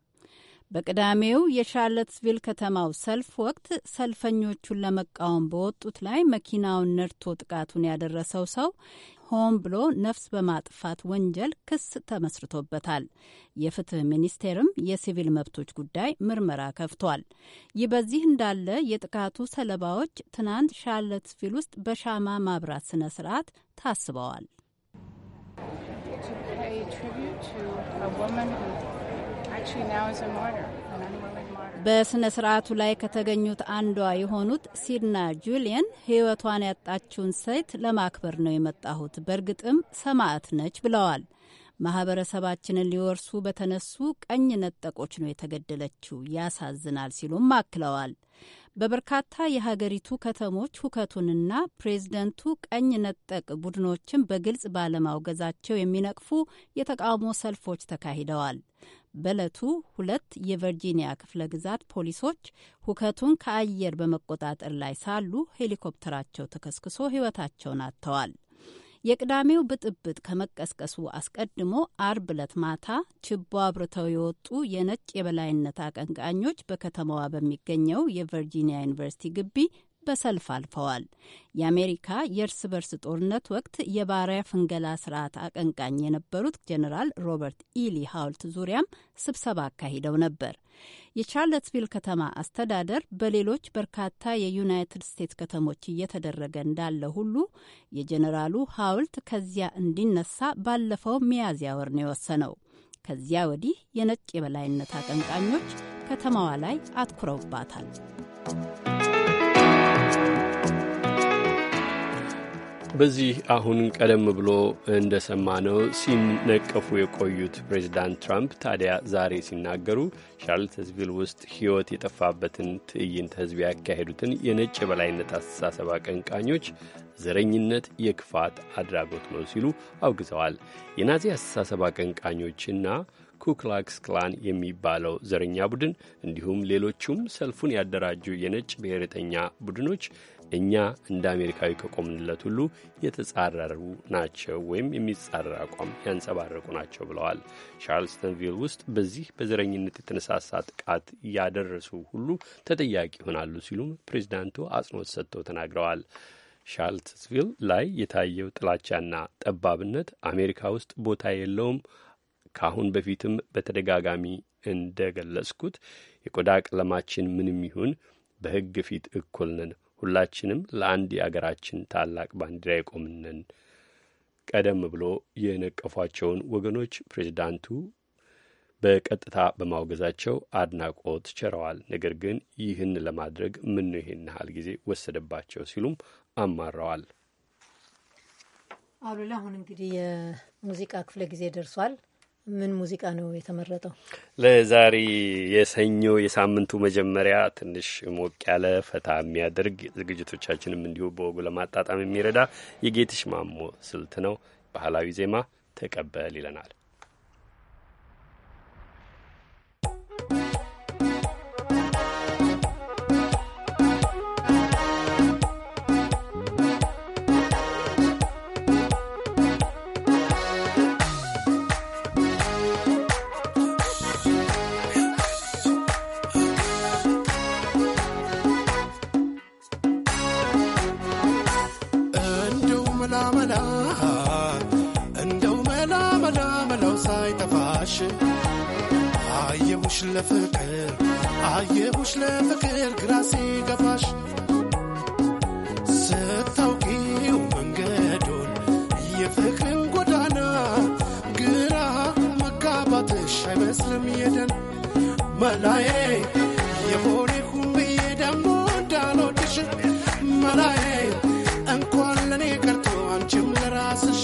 በቅዳሜው የሻርለትስቪል ከተማው ሰልፍ ወቅት ሰልፈኞቹን ለመቃወም በወጡት ላይ መኪናውን ነድቶ ጥቃቱን ያደረሰው ሰው ሆን ብሎ ነፍስ በማጥፋት ወንጀል ክስ ተመስርቶበታል። የፍትህ ሚኒስቴርም የሲቪል መብቶች ጉዳይ ምርመራ ከፍቷል። ይህ በዚህ እንዳለ የጥቃቱ ሰለባዎች ትናንት ሻርለትስቪል ውስጥ በሻማ ማብራት ስነ ስርዓት ታስበዋል። በሥነ ሥርዓቱ ላይ ከተገኙት አንዷ የሆኑት ሲድና ጁሊየን ሕይወቷን ያጣችውን ሴት ለማክበር ነው የመጣሁት፣ በእርግጥም ሰማዕት ነች ብለዋል። ማህበረሰባችንን ሊወርሱ በተነሱ ቀኝ ነጠቆች ነው የተገደለችው፣ ያሳዝናል ሲሉም አክለዋል። በበርካታ የሀገሪቱ ከተሞች ሁከቱንና ፕሬዝደንቱ ቀኝ ነጠቅ ቡድኖችን በግልጽ ባለማውገዛቸው የሚነቅፉ የተቃውሞ ሰልፎች ተካሂደዋል። በዕለቱ ሁለት የቨርጂኒያ ክፍለ ግዛት ፖሊሶች ሁከቱን ከአየር በመቆጣጠር ላይ ሳሉ ሄሊኮፕተራቸው ተከስክሶ ሕይወታቸውን አጥተዋል። የቅዳሜው ብጥብጥ ከመቀስቀሱ አስቀድሞ አርብ ዕለት ማታ ችቦ አብርተው የወጡ የነጭ የበላይነት አቀንቃኞች በከተማዋ በሚገኘው የቨርጂኒያ ዩኒቨርሲቲ ግቢ በሰልፍ አልፈዋል። የአሜሪካ የእርስ በርስ ጦርነት ወቅት የባሪያ ፍንገላ ስርዓት አቀንቃኝ የነበሩት ጀኔራል ሮበርት ኢሊ ሀውልት ዙሪያም ስብሰባ አካሂደው ነበር። የቻርለትስቪል ከተማ አስተዳደር በሌሎች በርካታ የዩናይትድ ስቴትስ ከተሞች እየተደረገ እንዳለ ሁሉ የጀኔራሉ ሀውልት ከዚያ እንዲነሳ ባለፈው ሚያዝያ ወር ነው የወሰነው። ከዚያ ወዲህ የነጭ የበላይነት አቀንቃኞች ከተማዋ ላይ አትኩረውባታል። በዚህ አሁን ቀደም ብሎ እንደሰማነው ሲነቀፉ የቆዩት ፕሬዚዳንት ትራምፕ ታዲያ ዛሬ ሲናገሩ ቻርልስቪል ውስጥ ሕይወት የጠፋበትን ትዕይንተ ሕዝብ ያካሄዱትን የነጭ የበላይነት አስተሳሰብ አቀንቃኞች ዘረኝነት የክፋት አድራጎት ነው ሲሉ አውግዘዋል። የናዚ አስተሳሰብ አቀንቃኞችና ኩክላክስ ክላን የሚባለው ዘረኛ ቡድን እንዲሁም ሌሎቹም ሰልፉን ያደራጁ የነጭ ብሔርተኛ ቡድኖች እኛ እንደ አሜሪካዊ ከቆምንለት ሁሉ የተጻረሩ ናቸው ወይም የሚጻረር አቋም ያንጸባረቁ ናቸው ብለዋል። ቻርልስተንቪል ውስጥ በዚህ በዘረኝነት የተነሳሳ ጥቃት ያደረሱ ሁሉ ተጠያቂ ይሆናሉ ሲሉም ፕሬዚዳንቱ አጽንኦት ሰጥተው ተናግረዋል። ቻርልስቪል ላይ የታየው ጥላቻና ጠባብነት አሜሪካ ውስጥ ቦታ የለውም። ከአሁን በፊትም በተደጋጋሚ እንደገለጽኩት የቆዳ ቀለማችን ምንም ይሁን በሕግ ፊት እኩል ነን። ሁላችንም ለአንድ የአገራችን ታላቅ ባንዲራ የቆምንን። ቀደም ብሎ የነቀፏቸውን ወገኖች ፕሬዚዳንቱ በቀጥታ በማውገዛቸው አድናቆት ቸረዋል። ነገር ግን ይህን ለማድረግ ምን ይሄን ይህን ያህል ጊዜ ወሰደባቸው ሲሉም አማረዋል። አሉላ አሁን እንግዲህ የሙዚቃ ክፍለ ጊዜ ደርሷል። ምን ሙዚቃ ነው የተመረጠው? ለዛሬ የሰኞ የሳምንቱ መጀመሪያ ትንሽ ሞቅ ያለ ፈታ የሚያደርግ ዝግጅቶቻችንም እንዲሁ በወጉ ለማጣጣም የሚረዳ የጌትሽ ማሞ ስልት ነው። ባህላዊ ዜማ ተቀበል ይለናል። ለፍቅር አየሁሽ ለፍቅር ግራ ሲገባሽ ስታውቂው መንገዱን የፍቅርን ጎዳና ግራ መጋባትሽ አይመስልም የደን መላዬ የሆነ ሁን ብዬ ደግሞ እንዳልወድሽ መላዬ እንኳን ለእኔ ቀርቶ አንቺም ለራስሽ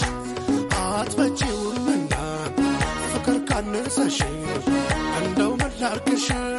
አትበጪውምና ፍቅር ካነሰሽ ocean.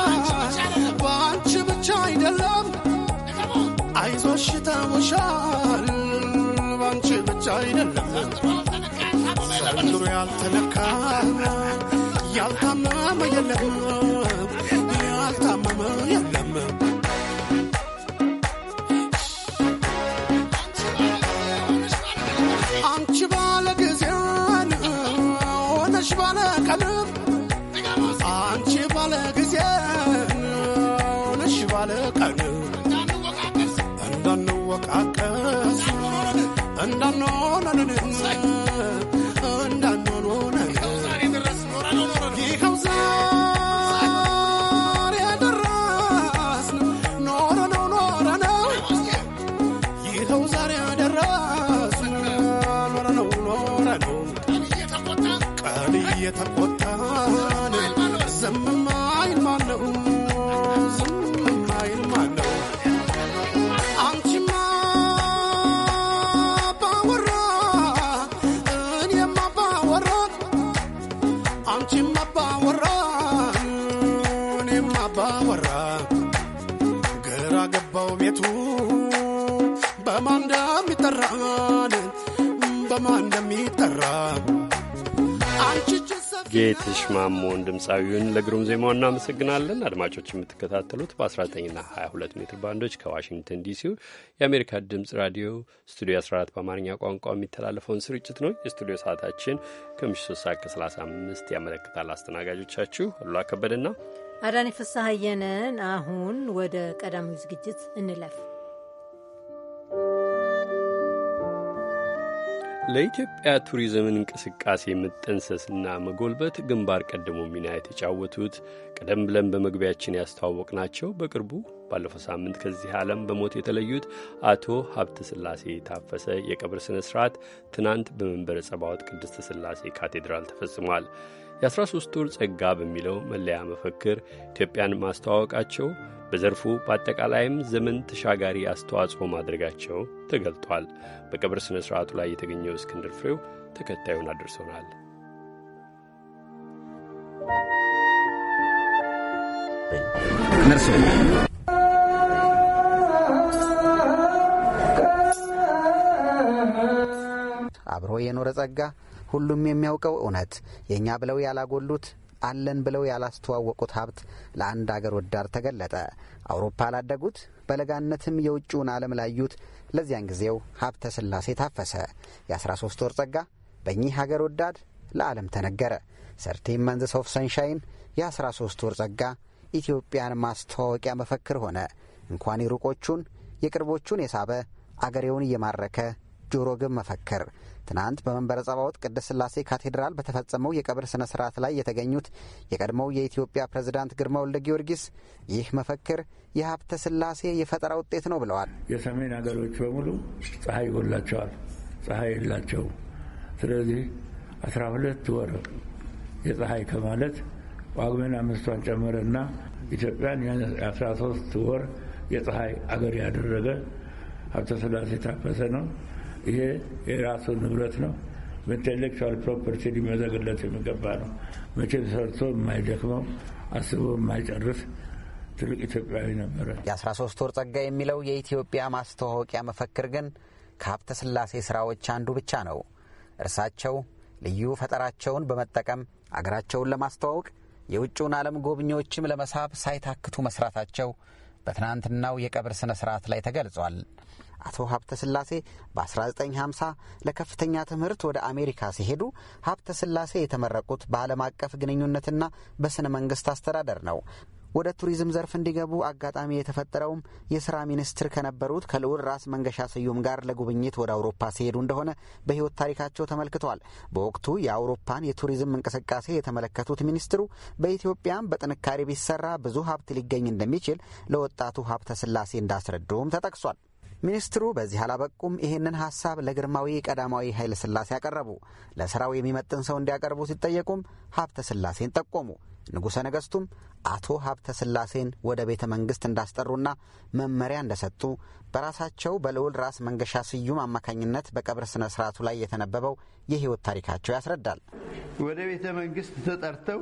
ተሞሻል ባንቺ ብቻ አይደለም ዘንድሮ ያልተለካ ያልታመመ የለም ያልታመመ የለም ወራ ግራ ገባው ቤቱ በማን በማን እንደሚጠራ ጌትሽ ማሞን ድምፃዊውን ለግሩም ዜማው እናመሰግናለን። አድማጮች የምትከታተሉት በ19ና 22 ሜትር ባንዶች ከዋሽንግተን ዲሲው የአሜሪካ ድምፅ ራዲዮ ስቱዲዮ 14 በአማርኛ ቋንቋ የሚተላለፈውን ስርጭት ነው። የስቱዲዮ ሰዓታችን ከምሽቱ 3 ሰዓት ከ35 ያመለክታል። አስተናጋጆቻችሁ አሉላ ከበደና አዳኒ ፍስሐየንን። አሁን ወደ ቀዳሚው ዝግጅት እንለፍ። ለኢትዮጵያ ቱሪዝምን እንቅስቃሴ መጠንሰስና መጎልበት ግንባር ቀደሞ ሚና የተጫወቱት ቀደም ብለን በመግቢያችን ናቸው። በቅርቡ ባለፈው ሳምንት ከዚህ ዓለም በሞት የተለዩት አቶ ሀብተ ስላሴ የታፈሰ የቀብር ስነ ስርዓት ትናንት በመንበረ ጸባዖት ቅድስተ ስላሴ ካቴድራል ተፈጽሟል። የአስራ ሦስት ወር ጸጋ በሚለው መለያ መፈክር ኢትዮጵያን ማስተዋወቃቸው በዘርፉ በአጠቃላይም ዘመን ተሻጋሪ አስተዋጽኦ ማድረጋቸው ተገልጧል። በቀብር ሥነ ሥርዓቱ ላይ የተገኘው እስክንድር ፍሬው ተከታዩን አድርሶናል። አብሮ የኖረ ጸጋ ሁሉም የሚያውቀው እውነት የእኛ ብለው ያላጎሉት አለን ብለው ያላስተዋወቁት ሀብት ለአንድ አገር ወዳድ ተገለጠ። አውሮፓ ላደጉት በለጋነትም የውጭውን ዓለም ላዩት ለዚያን ጊዜው ሀብተ ስላሴ ታፈሰ። የ13 ወር ጸጋ በእኚህ አገር ወዳድ ለዓለም ተነገረ። ሰርቲን መንዝስ ኦፍ ሰንሻይን የ13 ወር ጸጋ ኢትዮጵያን ማስተዋወቂያ መፈክር ሆነ። እንኳን ሩቆቹን የቅርቦቹን የሳበ አገሬውን እየማረከ ጆሮ ግብ መፈክር ትናንት በመንበረ ጸባዖት ቅድስት ሥላሴ ካቴድራል በተፈጸመው የቀብር ሥነ ሥርዓት ላይ የተገኙት የቀድሞው የኢትዮጵያ ፕሬዝዳንት ግርማ ወልደ ጊዮርጊስ ይህ መፈክር የሀብተ ሥላሴ የፈጠራ ውጤት ነው ብለዋል። የሰሜን ሀገሮች በሙሉ ፀሐይ ይጎላቸዋል፣ ፀሐይ የላቸው። ስለዚህ አስራ ሁለት ወር የፀሐይ ከማለት ጳጉሜን አምስቷን ጨምረና ኢትዮጵያን የአስራ ሶስት ወር የፀሐይ አገር ያደረገ ሀብተ ሥላሴ ታፈሰ ነው። ይሄ የራሱ ንብረት ነው። በኢንቴሌክቹዋል ፕሮፐርቲ ሊመዘግለት የሚገባ ነው። መቼም ሰርቶ የማይደክመው አስቦ የማይጨርስ ትልቅ ኢትዮጵያዊ ነበረ። የ13 ወር ጸጋ የሚለው የኢትዮጵያ ማስተዋወቂያ መፈክር ግን ከሀብተ ስላሴ ስራዎች አንዱ ብቻ ነው። እርሳቸው ልዩ ፈጠራቸውን በመጠቀም አገራቸውን ለማስተዋወቅ የውጭውን ዓለም ጎብኚዎችም ለመሳብ ሳይታክቱ መስራታቸው በትናንትናው የቀብር ስነ ስርዓት ላይ ተገልጿል። አቶ ሀብተ ስላሴ በ1950 ለከፍተኛ ትምህርት ወደ አሜሪካ ሲሄዱ ሀብተ ስላሴ የተመረቁት በዓለም አቀፍ ግንኙነትና በሥነ መንግሥት አስተዳደር ነው። ወደ ቱሪዝም ዘርፍ እንዲገቡ አጋጣሚ የተፈጠረውም የስራ ሚኒስትር ከነበሩት ከልዑል ራስ መንገሻ ስዩም ጋር ለጉብኝት ወደ አውሮፓ ሲሄዱ እንደሆነ በሕይወት ታሪካቸው ተመልክቷል። በወቅቱ የአውሮፓን የቱሪዝም እንቅስቃሴ የተመለከቱት ሚኒስትሩ በኢትዮጵያም በጥንካሬ ቢሰራ ብዙ ሀብት ሊገኝ እንደሚችል ለወጣቱ ሀብተ ስላሴ እንዳስረዱም ተጠቅሷል። ሚኒስትሩ በዚህ አላበቁም። ይህንን ሀሳብ ለግርማዊ ቀዳማዊ ኃይለ ሥላሴ ያቀረቡ፣ ለስራው የሚመጥን ሰው እንዲያቀርቡ ሲጠየቁም ሀብተ ሥላሴን ጠቆሙ። ንጉሠ ነገሥቱም አቶ ሀብተ ሥላሴን ወደ ቤተ መንግሥት እንዳስጠሩና መመሪያ እንደሰጡ በራሳቸው በልዑል ራስ መንገሻ ስዩም አማካኝነት በቀብር ሥነ ሥርዓቱ ላይ የተነበበው የሕይወት ታሪካቸው ያስረዳል። ወደ ቤተ መንግሥት ተጠርተው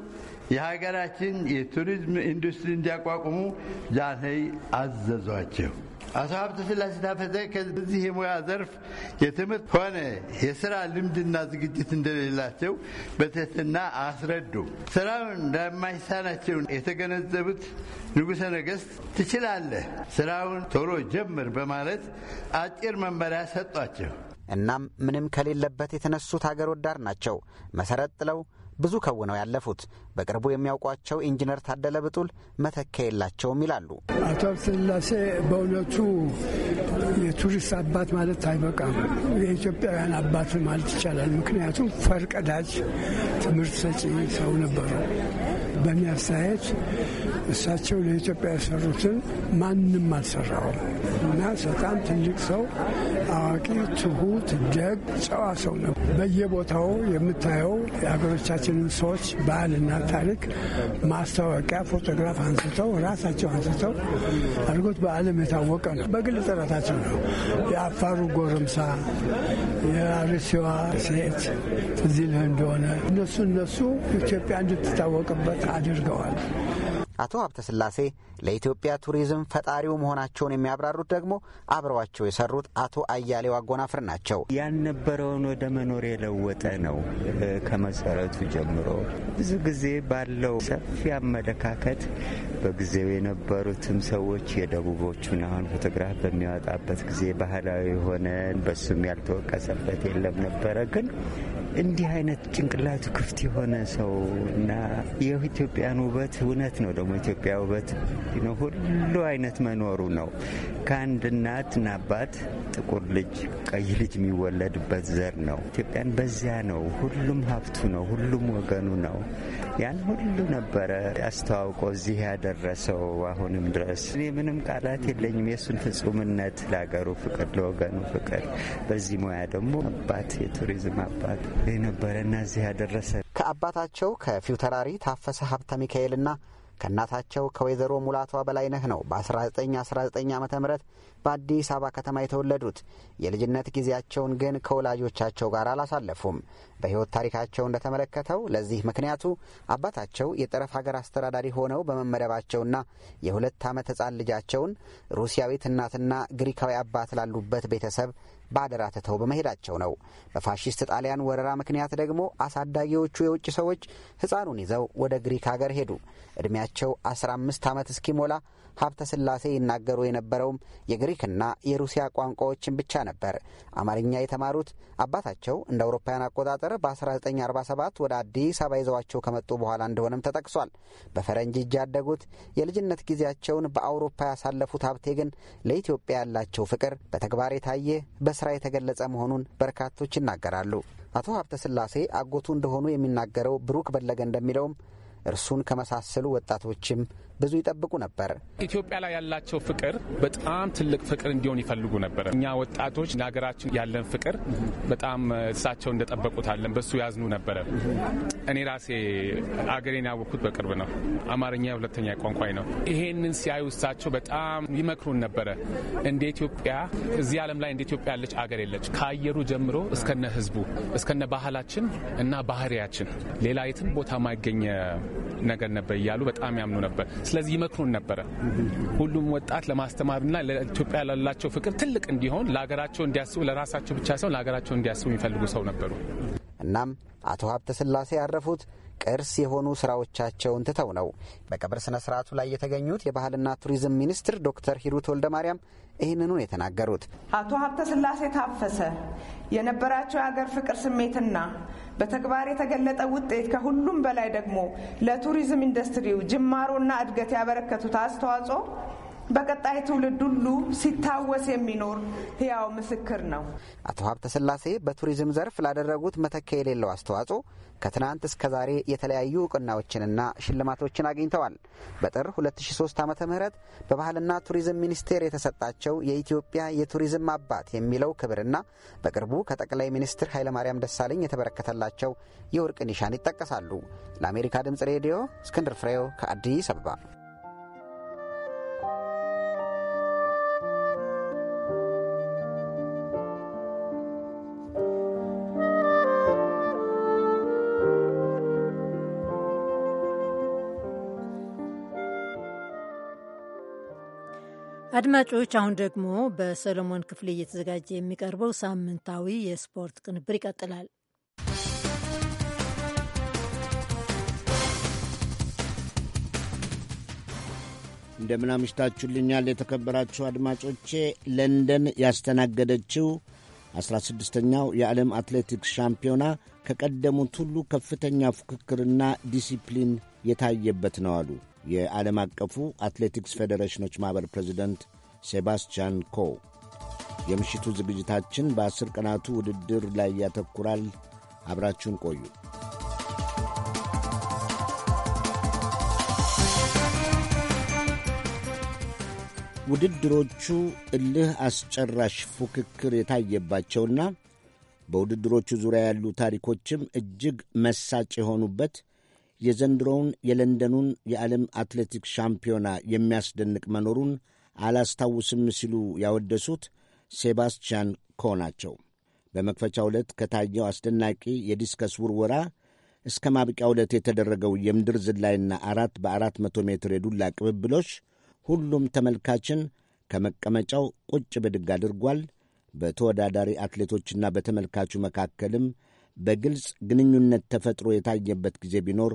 የሀገራችን የቱሪዝም ኢንዱስትሪ እንዲያቋቁሙ ጃንሆይ አዘዟቸው። አቶ ሀብተ ስላሴ ታፈተ ከዚህ የሙያ ዘርፍ የትምህርት ሆነ የስራ ልምድና ዝግጅት እንደሌላቸው በትህትና አስረዱ። ስራውን እንደማይሳናቸው የተገነዘቡት ንጉሠ ነገሥት ትችላለህ፣ ስራውን ቶሎ ጀምር በማለት አጭር መመሪያ ሰጧቸው። እናም ምንም ከሌለበት የተነሱት አገር ወዳድ ናቸው መሰረት ጥለው ብዙ ከውነው ያለፉት። በቅርቡ የሚያውቋቸው ኢንጂነር ታደለ ብጡል መተካ የላቸውም ይላሉ። አቶ ኃይለሥላሴ በእውነቱ የቱሪስት አባት ማለት አይበቃም፣ የኢትዮጵያውያን አባት ማለት ይቻላል። ምክንያቱም ፈርቀዳጅ ትምህርት ሰጪ ሰው ነበሩ። በእኔ አስተያየት እሳቸው ለኢትዮጵያ የሰሩትን ማንም አልሰራውም እና በጣም ትልቅ ሰው፣ አዋቂ፣ ትሁት፣ ደግ፣ ጨዋ ሰው ነው። በየቦታው የምታየው የሀገሮቻችንን ሰዎች ባህልና ታሪክ ማስታወቂያ ፎቶግራፍ አንስተው ራሳቸው አንስተው አድርጎት በዓለም የታወቀ ነው። በግል ጥረታቸው ነው። የአፋሩ ጎረምሳ፣ የአርሲዋ ሴት እዚህ ልህ እንደሆነ እነሱ እነሱ ኢትዮጵያ እንድትታወቅበት አድርገዋል። አቶ ሀብተስላሴ ለኢትዮጵያ ቱሪዝም ፈጣሪው መሆናቸውን የሚያብራሩት ደግሞ አብረዋቸው የሰሩት አቶ አያሌው አጎናፍር ናቸው። ያልነበረውን ወደ መኖር የለወጠ ነው። ከመሰረቱ ጀምሮ ብዙ ጊዜ ባለው ሰፊ አመለካከት በጊዜው የነበሩትም ሰዎች የደቡቦቹን አሁን ፎቶግራፍ በሚያወጣበት ጊዜ ባህላዊ የሆነን በሱም ያልተወቀሰበት የለም ነበረ ግን እንዲህ አይነት ጭንቅላቱ ክፍት የሆነ ሰው እና የኢትዮጵያን ውበት እውነት ነው ደግሞ ኢትዮጵያ ውበት ሁሉ አይነት መኖሩ ነው። ከአንድ እናትና አባት ጥቁር ልጅ፣ ቀይ ልጅ የሚወለድበት ዘር ነው። ኢትዮጵያን በዚያ ነው። ሁሉም ሀብቱ ነው። ሁሉም ወገኑ ነው። ያን ሁሉ ነበረ አስተዋውቆ እዚህ ያደረሰው አሁንም ድረስ እኔ ምንም ቃላት የለኝም። የእሱን ፍጹምነት ለሀገሩ ፍቅር፣ ለወገኑ ፍቅር በዚህ ሙያ ደግሞ አባት የቱሪዝም አባት ነበረና እዚህ ያደረሰ ከአባታቸው ከፊውተራሪ ታፈሰ ሀብተ ሚካኤልና ከእናታቸው ከወይዘሮ ሙላቷ በላይነህ ነው። በ1919 ዓ ም በአዲስ አበባ ከተማ የተወለዱት። የልጅነት ጊዜያቸውን ግን ከወላጆቻቸው ጋር አላሳለፉም። በሕይወት ታሪካቸው እንደተመለከተው ለዚህ ምክንያቱ አባታቸው የጠረፍ ሀገር አስተዳዳሪ ሆነው በመመደባቸውና የሁለት ዓመት ሕፃን ልጃቸውን ሩሲያዊት እናትና ግሪካዊ አባት ላሉበት ቤተሰብ በአደራ ትተው በመሄዳቸው ነው። በፋሺስት ጣሊያን ወረራ ምክንያት ደግሞ አሳዳጊዎቹ የውጭ ሰዎች ሕፃኑን ይዘው ወደ ግሪክ ሀገር ሄዱ። ዕድሜያቸው 15 ዓመት እስኪሞላ ሀብተ ስላሴ ይናገሩ የነበረውም የግሪክና የሩሲያ ቋንቋዎችን ብቻ ነበር። አማርኛ የተማሩት አባታቸው እንደ አውሮፓውያን አቆጣጠር በ1947 ወደ አዲስ አበባ ይዘዋቸው ከመጡ በኋላ እንደሆነም ተጠቅሷል። በፈረንጅ እጅ ያደጉት የልጅነት ጊዜያቸውን በአውሮፓ ያሳለፉት ሀብቴ ግን ለኢትዮጵያ ያላቸው ፍቅር በተግባር የታየ በስራ የተገለጸ መሆኑን በርካቶች ይናገራሉ። አቶ ሀብተ ስላሴ አጎቱ እንደሆኑ የሚናገረው ብሩክ በለገ እንደሚለውም እርሱን ከመሳሰሉ ወጣቶችም ብዙ ይጠብቁ ነበር። ኢትዮጵያ ላይ ያላቸው ፍቅር በጣም ትልቅ ፍቅር እንዲሆን ይፈልጉ ነበር። እኛ ወጣቶች ለሀገራችን ያለን ፍቅር በጣም እሳቸው እንደጠበቁት አለን። በሱ ያዝኑ ነበረ። እኔ ራሴ አገሬን ያወቅኩት በቅርብ ነው። አማርኛ ሁለተኛ ቋንቋይ ነው። ይሄንን ሲያዩ እሳቸው በጣም ይመክሩን ነበረ። እንደ ኢትዮጵያ እዚህ ዓለም ላይ እንደ ኢትዮጵያ ያለች አገር የለች። ከአየሩ ጀምሮ እስከነ ህዝቡ እስከነ ባህላችን እና ባህሪያችን ሌላ የትም ቦታ ማይገኘ ነገር ነበር እያሉ በጣም ያምኑ ነበር። ስለዚህ ይመክሩን ነበረ። ሁሉም ወጣት ለማስተማርና ለኢትዮጵያ ላላቸው ፍቅር ትልቅ እንዲሆን ለሀገራቸው እንዲያስቡ ለራሳቸው ብቻ ሳይሆን ለሀገራቸው እንዲያስቡ የሚፈልጉ ሰው ነበሩ። እናም አቶ ሀብተ ስላሴ ያረፉት ቅርስ የሆኑ ስራዎቻቸውን ትተው ነው። በቀብር ስነ ስርዓቱ ላይ የተገኙት የባህልና ቱሪዝም ሚኒስትር ዶክተር ሂሩት ወልደ ማርያም ይህንኑን የተናገሩት አቶ ሀብተ ስላሴ ታፈሰ የነበራቸው የሀገር ፍቅር ስሜትና በተግባር የተገለጠ ውጤት ከሁሉም በላይ ደግሞ ለቱሪዝም ኢንዱስትሪው ጅማሮና እድገት ያበረከቱት አስተዋጽኦ በቀጣይ ትውልድ ሁሉ ሲታወስ የሚኖር ህያው ምስክር ነው። አቶ ሀብተ ስላሴ በቱሪዝም ዘርፍ ላደረጉት መተኪያ የሌለው አስተዋጽኦ ከትናንት እስከ ዛሬ የተለያዩ እውቅናዎችንና ሽልማቶችን አግኝተዋል። በጥር 2003 ዓ ም በባህልና ቱሪዝም ሚኒስቴር የተሰጣቸው የኢትዮጵያ የቱሪዝም አባት የሚለው ክብርና በቅርቡ ከጠቅላይ ሚኒስትር ኃይለማርያም ደሳለኝ የተበረከተላቸው የወርቅ ኒሻን ይጠቀሳሉ። ለአሜሪካ ድምፅ ሬዲዮ እስክንድር ፍሬው ከአዲስ አበባ አድማጮች፣ አሁን ደግሞ በሰለሞን ክፍሌ እየተዘጋጀ የሚቀርበው ሳምንታዊ የስፖርት ቅንብር ይቀጥላል። እንደምን አምሽታችሁልኛል የተከበራችሁ አድማጮቼ። ለንደን ያስተናገደችው 16ኛው የዓለም አትሌቲክስ ሻምፒዮና ከቀደሙት ሁሉ ከፍተኛ ፉክክርና ዲሲፕሊን የታየበት ነው አሉ የዓለም አቀፉ አትሌቲክስ ፌዴሬሽኖች ማኅበር ፕሬዚደንት ሴባስቲያን ኮ። የምሽቱ ዝግጅታችን በአስር ቀናቱ ውድድር ላይ ያተኩራል። አብራችሁን ቆዩ። ውድድሮቹ እልህ አስጨራሽ ፉክክር የታየባቸውና በውድድሮቹ ዙሪያ ያሉ ታሪኮችም እጅግ መሳጭ የሆኑበት የዘንድሮውን የለንደኑን የዓለም አትሌቲክስ ሻምፒዮና የሚያስደንቅ መኖሩን አላስታውስም ሲሉ ያወደሱት ሴባስቲያን ኮ ናቸው። በመክፈቻው ዕለት ከታየው አስደናቂ የዲስከስ ውርወራ እስከ ማብቂያው ዕለት የተደረገው የምድር ዝላይና አራት በአራት መቶ ሜትር የዱላ ቅብብሎች ሁሉም ተመልካችን ከመቀመጫው ቁጭ ብድግ አድርጓል። በተወዳዳሪ አትሌቶችና በተመልካቹ መካከልም በግልጽ ግንኙነት ተፈጥሮ የታየበት ጊዜ ቢኖር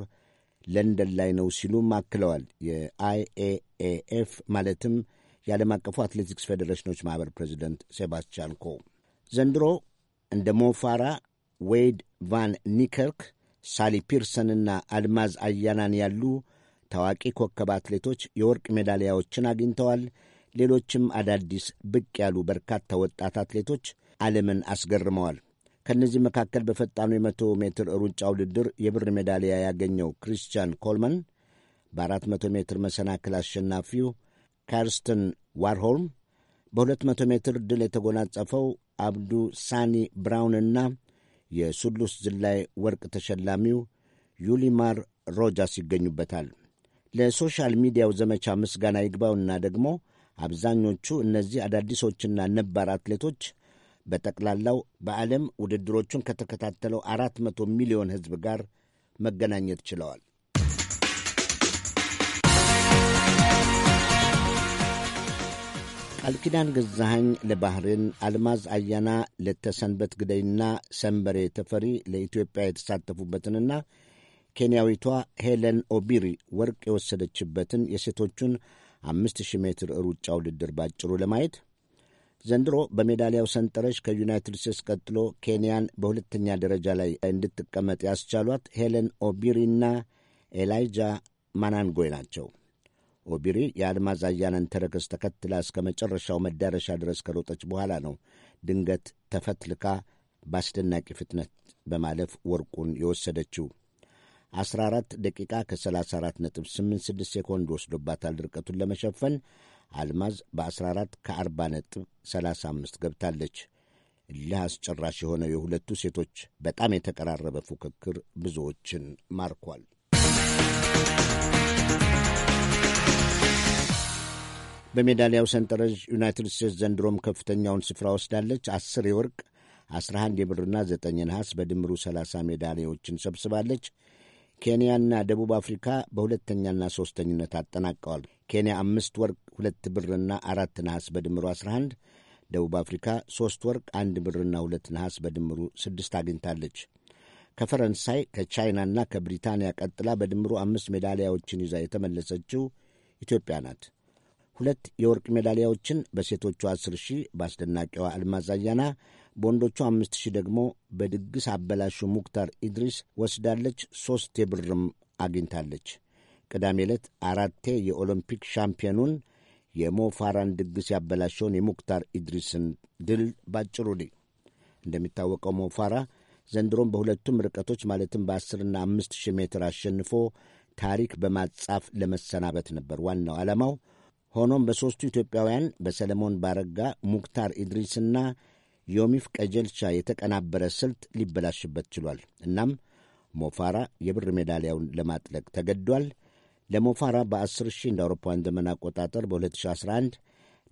ለንደን ላይ ነው ሲሉም አክለዋል። የአይኤኤኤፍ ማለትም የዓለም አቀፉ አትሌቲክስ ፌዴሬሽኖች ማኅበር ፕሬዚደንት ሴባስቲያን ኮ ዘንድሮ እንደ ሞፋራ፣ ዌይድ ቫን ኒከርክ፣ ሳሊ ፒርሰንና አልማዝ አያናን ያሉ ታዋቂ ኮከብ አትሌቶች የወርቅ ሜዳሊያዎችን አግኝተዋል። ሌሎችም አዳዲስ ብቅ ያሉ በርካታ ወጣት አትሌቶች ዓለምን አስገርመዋል። ከእነዚህ መካከል በፈጣኑ የመቶ ሜትር ሩጫ ውድድር የብር ሜዳሊያ ያገኘው ክሪስቲያን ኮልመን፣ በ400 ሜትር መሰናክል አሸናፊው ካርስተን ዋርሆልም፣ በ200 ሜትር ድል የተጎናጸፈው አብዱ ሳኒ ብራውንና የሱሉስ ዝላይ ወርቅ ተሸላሚው ዩሊማር ሮጃስ ይገኙበታል። ለሶሻል ሚዲያው ዘመቻ ምስጋና ይግባውና ደግሞ አብዛኞቹ እነዚህ አዳዲሶችና ነባር አትሌቶች በጠቅላላው በዓለም ውድድሮቹን ከተከታተለው አራት መቶ ሚሊዮን ሕዝብ ጋር መገናኘት ችለዋል። ቃል ኪዳን ገዛኸኝ ለባህሬን፣ አልማዝ አያና ለተሰንበት ግደይና ሰንበሬ ተፈሪ ለኢትዮጵያ የተሳተፉበትንና ኬንያዊቷ ሄለን ኦቢሪ ወርቅ የወሰደችበትን የሴቶቹን አምስት ሺህ ሜትር ሩጫ ውድድር ባጭሩ ለማየት ዘንድሮ በሜዳሊያው ሰንጠረዥ ከዩናይትድ ስቴትስ ቀጥሎ ኬንያን በሁለተኛ ደረጃ ላይ እንድትቀመጥ ያስቻሏት ሄለን ኦቢሪና ኤላይጃ ማናንጎይ ናቸው። ኦቢሪ የአልማዝ አያናን ተረከዝ ተከትላ እስከ መጨረሻው መዳረሻ ድረስ ከሮጠች በኋላ ነው ድንገት ተፈትልካ በአስደናቂ ፍጥነት በማለፍ ወርቁን የወሰደችው። 14 ደቂቃ ከ34.86 ሴኮንድ ወስዶባታል ርቀቱን ለመሸፈን አልማዝ በ14 ከ40 ነጥብ 35 ገብታለች። እልህ አስጨራሽ የሆነው የሁለቱ ሴቶች በጣም የተቀራረበ ፉክክር ብዙዎችን ማርኳል። በሜዳሊያው ሰንጠረዥ ዩናይትድ ስቴትስ ዘንድሮም ከፍተኛውን ስፍራ ወስዳለች። አስር የወርቅ 11 የብርና 9 ነሐስ በድምሩ 30 ሜዳሊያዎችን ሰብስባለች። ኬንያና ደቡብ አፍሪካ በሁለተኛና ሦስተኝነት አጠናቀዋል። ኬንያ አምስት ወርቅ ሁለት ብርና አራት ነሐስ በድምሩ 11 ደቡብ አፍሪካ ሦስት ወርቅ አንድ ብርና ሁለት ነሐስ በድምሩ ስድስት አግኝታለች። ከፈረንሳይ ከቻይናና ከብሪታንያ ቀጥላ በድምሩ አምስት ሜዳሊያዎችን ይዛ የተመለሰችው ኢትዮጵያ ናት። ሁለት የወርቅ ሜዳሊያዎችን በሴቶቹ አስር ሺህ በአስደናቂዋ አልማዝ አያና በወንዶቹ አምስት ሺህ ደግሞ በድግስ አበላሹ ሙክታር ኢድሪስ ወስዳለች። ሦስት የብርም አግኝታለች። ቅዳሜ ዕለት አራቴ የኦሎምፒክ ሻምፒዮኑን የሞፋራን ድግስ ያበላሸውን የሙክታር ኢድሪስን ድል ባጭሩ ዲ እንደሚታወቀው ሞፋራ ዘንድሮም በሁለቱም ርቀቶች ማለትም በ1ስና አምስት ሺህ ሜትር አሸንፎ ታሪክ በማጻፍ ለመሰናበት ነበር ዋናው ዓላማው። ሆኖም በሦስቱ ኢትዮጵያውያን በሰለሞን ባረጋ፣ ሙክታር ኢድሪስና ዮሚፍ ቀጀልቻ የተቀናበረ ስልት ሊበላሽበት ችሏል። እናም ሞፋራ የብር ሜዳሊያውን ለማጥለቅ ተገዷል። ለሞፋራ በ10 ሺህ እንደ አውሮፓውያን ዘመን አቆጣጠር በ2011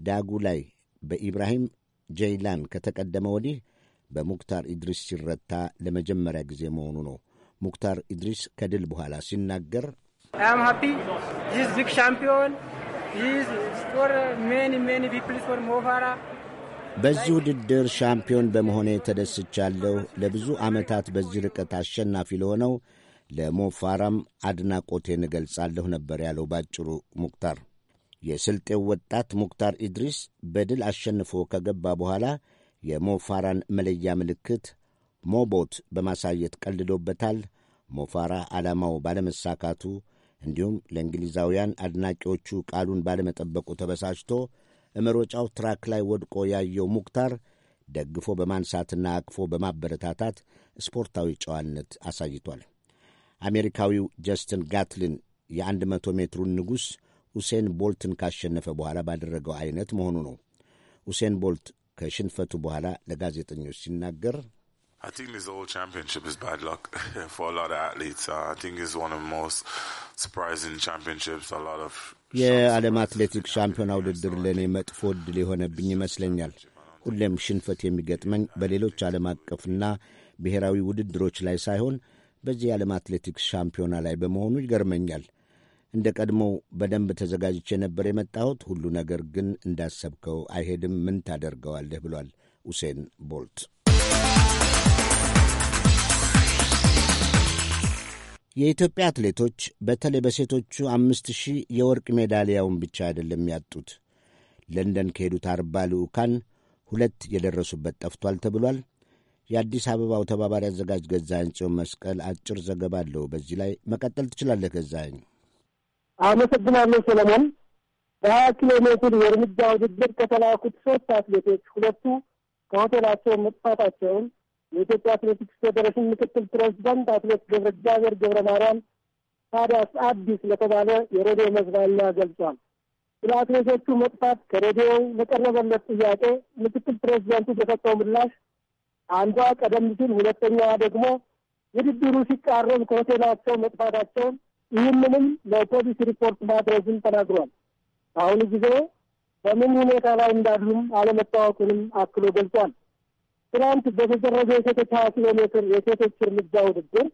ዳጉ ላይ በኢብራሂም ጀይላን ከተቀደመ ወዲህ በሙክታር ኢድሪስ ሲረታ ለመጀመሪያ ጊዜ መሆኑ ነው። ሙክታር ኢድሪስ ከድል በኋላ ሲናገር አም ሀፒ ዚስ ቢግ ሻምፒዮን በዚህ ውድድር ሻምፒዮን በመሆኔ ተደስቻለሁ። ለብዙ ዓመታት በዚህ ርቀት አሸናፊ ለሆነው ለሞፋራም አድናቆቴን እገልጻለሁ ነበር ያለው ባጭሩ ሙክታር። የስልጤው ወጣት ሙክታር ኢድሪስ በድል አሸንፎ ከገባ በኋላ የሞፋራን መለያ ምልክት ሞቦት በማሳየት ቀልዶበታል። ሞፋራ ዓላማው ባለመሳካቱ እንዲሁም ለእንግሊዛውያን አድናቂዎቹ ቃሉን ባለመጠበቁ ተበሳጭቶ መሮጫው ትራክ ላይ ወድቆ ያየው ሙክታር ደግፎ በማንሳትና አቅፎ በማበረታታት ስፖርታዊ ጨዋነት አሳይቷል። አሜሪካዊው ጀስትን ጋትሊን የ100 ሜትሩን ንጉሥ ሁሴን ቦልትን ካሸነፈ በኋላ ባደረገው አይነት መሆኑ ነው። ሁሴን ቦልት ከሽንፈቱ በኋላ ለጋዜጠኞች ሲናገር uh, የዓለም አትሌቲክ ሻምፒዮና ውድድር ለእኔ መጥፎ ዕድል የሆነብኝ ይመስለኛል። ሁሌም ሽንፈት የሚገጥመኝ በሌሎች ዓለም አቀፍና ብሔራዊ ውድድሮች ላይ ሳይሆን በዚህ የዓለም አትሌቲክስ ሻምፒዮና ላይ በመሆኑ ይገርመኛል። እንደ ቀድሞው በደንብ ተዘጋጅቼ ነበር የመጣሁት። ሁሉ ነገር ግን እንዳሰብከው አይሄድም፣ ምን ታደርገዋለህ ብሏል ኡሴን ቦልት። የኢትዮጵያ አትሌቶች በተለይ በሴቶቹ አምስት ሺህ የወርቅ ሜዳሊያውን ብቻ አይደለም ያጡት። ለንደን ከሄዱት አርባ ልዑካን ሁለት የደረሱበት ጠፍቷል ተብሏል። የአዲስ አበባው ተባባሪ አዘጋጅ ገዛኝ ጽዮን መስቀል አጭር ዘገባ አለው። በዚህ ላይ መቀጠል ትችላለህ ገዛኝ። አመሰግናለሁ ሰለሞን። በሀያ ኪሎ ሜትር የእርምጃ ውድድር ከተላኩት ሶስት አትሌቶች ሁለቱ ከሆቴላቸው መጥፋታቸውን የኢትዮጵያ አትሌቲክስ ፌዴሬሽን ምክትል ፕሬዚዳንት አትሌት ገብረ እግዚአብሔር ገብረ ማርያም ታዲያስ አዲስ ለተባለ የሬዲዮ መዝናኛ ገልጿል። ስለ አትሌቶቹ መጥፋት ከሬዲዮው ለቀረበለት ጥያቄ ምክትል ፕሬዚዳንቱ በሰጠው ምላሽ አንዷ ቀደም ሲል፣ ሁለተኛዋ ደግሞ ውድድሩ ሲቃረብ ከሆቴላቸው መጥፋታቸውን ይህንንም ለፖሊስ ሪፖርት ማድረሱን ተናግሯል። በአሁኑ ጊዜ በምን ሁኔታ ላይ እንዳሉም አለመታወቁንም አክሎ ገልጿል። ትናንት በተደረገ የሴቶች ሀያ ኪሎ ሜትር የሴቶች እርምጃ ውድድር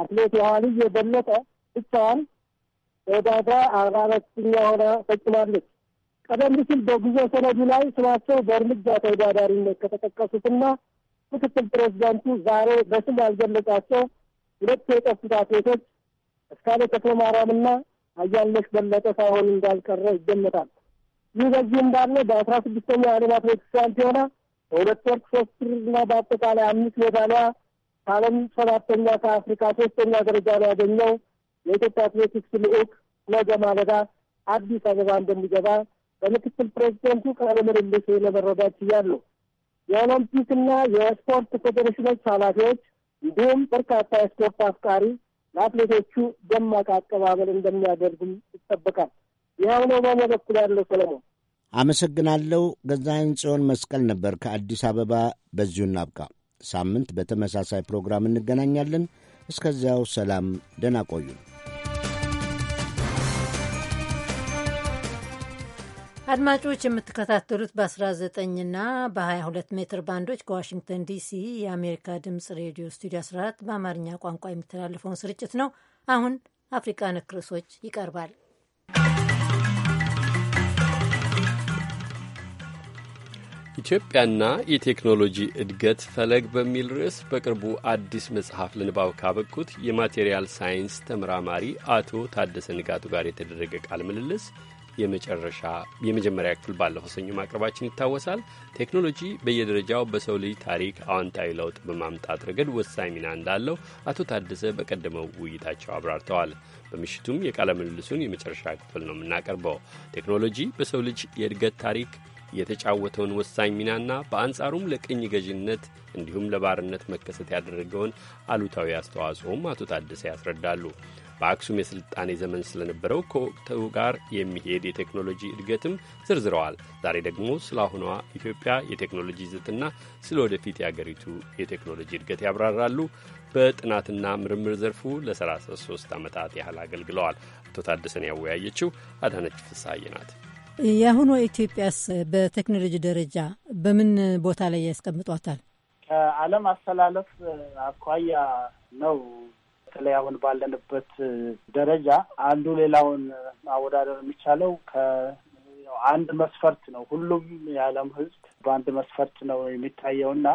አትሌት ዮሐንስ የበለጠ ብቻዋን በዳዳ አርባ አራተኛ ሆና ፈጽማለች። ቀደም ሲል በጉዞ ሰነዱ ላይ ስማቸው በእርምጃ ተወዳዳሪነት ከተጠቀሱትና ምክትል ፕሬዚዳንቱ ዛሬ በስም ያልገለጻቸው ሁለት የጠፉት አትሌቶች እስካለ ተክለ ማርያምና አያለሽ በለጠ ሳይሆን እንዳልቀረ ይገመታል። ይህ በዚህ እንዳለ በአስራ ስድስተኛ የዓለም አትሌቲክስ ሻምፒዮና በሁለት ወርቅ ሶስት ብርና በአጠቃላይ አምስት ሜዳሊያ ከዓለም ሰባተኛ ከአፍሪካ ሶስተኛ ደረጃ ላይ ያገኘው የኢትዮጵያ አትሌቲክስ ልዑክ ነገ ማለዳ አዲስ አበባ እንደሚገባ በምክትል ፕሬዚደንቱ ቃለ ምልልስ ለመረዳት ችያለሁ። የኦሎምፒክና የስፖርት ፌዴሬሽኖች ኃላፊዎች እንዲሁም በርካታ የስፖርት አፍቃሪ ለአትሌቶቹ ደማቅ አቀባበል እንደሚያደርጉም ይጠበቃል። ይኸው ነው በእኔ በኩል ያለው። ሰለሞን አመሰግናለሁ። ገዛኸኝ ጽዮን መስቀል ነበር ከአዲስ አበባ። በዚሁ እናብቃ። ሳምንት በተመሳሳይ ፕሮግራም እንገናኛለን። እስከዚያው ሰላም፣ ደህና ቆዩ። አድማጮች የምትከታተሉት በ19ና በ22 ሜትር ባንዶች ከዋሽንግተን ዲሲ የአሜሪካ ድምፅ ሬዲዮ ስቱዲዮ 14 በአማርኛ ቋንቋ የሚተላለፈውን ስርጭት ነው። አሁን አፍሪቃ ነክ ርዕሶች ይቀርባል። ኢትዮጵያና የቴክኖሎጂ እድገት ፈለግ በሚል ርዕስ በቅርቡ አዲስ መጽሐፍ ለንባብ ካበቁት የማቴሪያል ሳይንስ ተመራማሪ አቶ ታደሰ ንጋቱ ጋር የተደረገ ቃለ ምልልስ የመጨረሻ የመጀመሪያ ክፍል ባለፈው ሰኞ ማቅረባችን ይታወሳል። ቴክኖሎጂ በየደረጃው በሰው ልጅ ታሪክ አዋንታዊ ለውጥ በማምጣት ረገድ ወሳኝ ሚና እንዳለው አቶ ታደሰ በቀደመው ውይይታቸው አብራርተዋል። በምሽቱም የቃለ ምልልሱን የመጨረሻ ክፍል ነው የምናቀርበው። ቴክኖሎጂ በሰው ልጅ የእድገት ታሪክ የተጫወተውን ወሳኝ ሚናና በአንጻሩም ለቅኝ ገዥነት እንዲሁም ለባርነት መከሰት ያደረገውን አሉታዊ አስተዋጽኦም አቶ ታደሰ ያስረዳሉ። በአክሱም የሥልጣኔ ዘመን ስለነበረው ከወቅቱ ጋር የሚሄድ የቴክኖሎጂ እድገትም ዘርዝረዋል። ዛሬ ደግሞ ስለ አሁኗ ኢትዮጵያ የቴክኖሎጂ ይዘትና ስለ ወደፊት የአገሪቱ የቴክኖሎጂ እድገት ያብራራሉ። በጥናትና ምርምር ዘርፉ ለ33 ዓመታት ያህል አገልግለዋል። አቶ ታደሰን ያወያየችው አዳነች ፍስሐዬ ናት። የአሁኗ ኢትዮጵያስ በቴክኖሎጂ ደረጃ በምን ቦታ ላይ ያስቀምጧታል? ከዓለም አስተላለፍ አኳያ ነው በተለይ አሁን ባለንበት ደረጃ አንዱ ሌላውን ማወዳደር የሚቻለው ከአንድ መስፈርት ነው። ሁሉም የዓለም ሕዝብ በአንድ መስፈርት ነው የሚታየው እና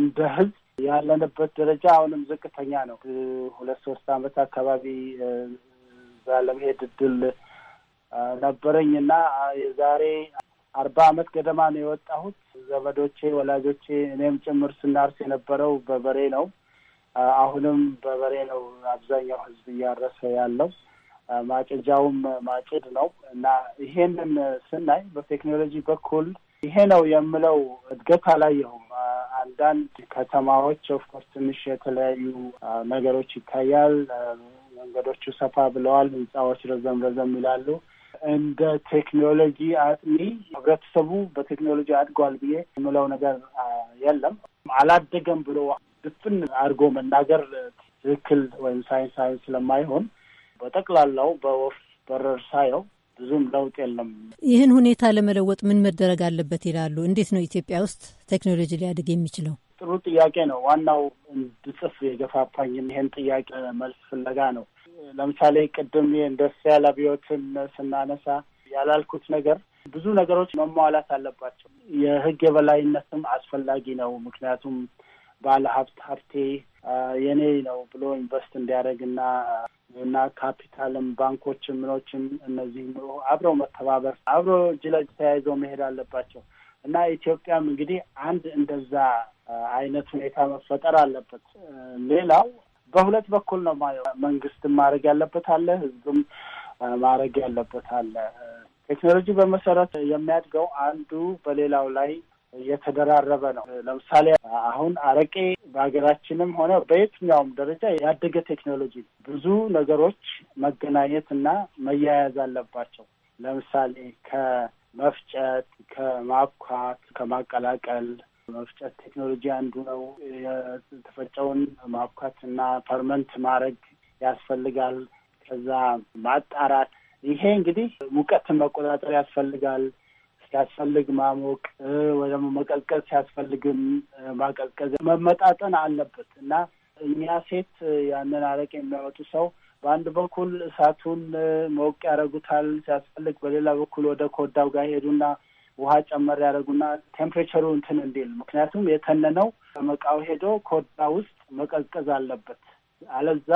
እንደ ሕዝብ ያለንበት ደረጃ አሁንም ዝቅተኛ ነው። ሁለት ሶስት ዓመት አካባቢ እዛ ለመሄድ እድል ነበረኝ እና የዛሬ አርባ ዓመት ገደማ ነው የወጣሁት። ዘመዶቼ፣ ወላጆቼ እኔም ጭምር ስናርስ የነበረው በበሬ ነው። አሁንም በበሬ ነው አብዛኛው ህዝብ እያረሰ ያለው። ማጨጃውም ማጭድ ነው እና ይሄንን ስናይ በቴክኖሎጂ በኩል ይሄ ነው የምለው እድገት አላየሁም። አንዳንድ ከተማዎች ኦፍኮርስ ትንሽ የተለያዩ ነገሮች ይታያል። መንገዶቹ ሰፋ ብለዋል፣ ህንፃዎች ረዘም ረዘም ይላሉ። እንደ ቴክኖሎጂ አጥኒ ህብረተሰቡ በቴክኖሎጂ አድገዋል ብዬ የምለው ነገር የለም። አላደገም ብሎ ድፍን አድርጎ መናገር ትክክል ወይም ሳይንሳዊ ስለማይሆን በጠቅላላው በወፍ በረር ሳየው ብዙም ለውጥ የለም። ይህን ሁኔታ ለመለወጥ ምን መደረግ አለበት ይላሉ? እንዴት ነው ኢትዮጵያ ውስጥ ቴክኖሎጂ ሊያድግ የሚችለው? ጥሩ ጥያቄ ነው። ዋናው እንድጽፍ የገፋፋኝም ይህን ጥያቄ መልስ ፍለጋ ነው። ለምሳሌ ቅድም የኢንዱስትሪያል አብዮትን ስናነሳ ያላልኩት ነገር ብዙ ነገሮች መሟላት አለባቸው። የህግ የበላይነትም አስፈላጊ ነው። ምክንያቱም ባለ ሀብት ሀብቴ የኔ ነው ብሎ ኢንቨስት እንዲያደርግና እና ካፒታልም ባንኮችም ምኖችም እነዚህ አብረው መተባበር አብረው እጅ ለእጅ ተያይዘው መሄድ አለባቸው እና ኢትዮጵያም እንግዲህ አንድ እንደዛ አይነት ሁኔታ መፈጠር አለበት። ሌላው በሁለት በኩል ነው መንግስትም ማድረግ ያለበት አለ፣ ህዝብም ማድረግ ያለበት አለ። ቴክኖሎጂ በመሰረት የሚያድገው አንዱ በሌላው ላይ የተደራረበ ነው። ለምሳሌ አሁን አረቄ በሀገራችንም ሆነ በየትኛውም ደረጃ ያደገ ቴክኖሎጂ ብዙ ነገሮች መገናኘት እና መያያዝ አለባቸው። ለምሳሌ ከመፍጨት፣ ከማብኳት፣ ከማቀላቀል መፍጨት ቴክኖሎጂ አንዱ ነው። የተፈጨውን ማብኳት እና ፐርመንት ማድረግ ያስፈልጋል። ከዛ ማጣራት። ይሄ እንግዲህ ሙቀትን መቆጣጠር ያስፈልጋል። ሲያስፈልግ ማሞቅ ወይ ደግሞ መቀዝቀዝ ሲያስፈልግም ማቀዝቀዝ መመጣጠን አለበት እና እኛ ሴት ያንን አረቅ የሚያወጡ ሰው በአንድ በኩል እሳቱን መወቅ ያደረጉታል ሲያስፈልግ፣ በሌላ በኩል ወደ ኮዳው ጋር ሄዱና ውሃ ጨመር ያደረጉና ቴምፕሬቸሩ እንትን እንዲል ምክንያቱም የተነነው መቃው ሄዶ ኮዳ ውስጥ መቀዝቀዝ አለበት። አለዛ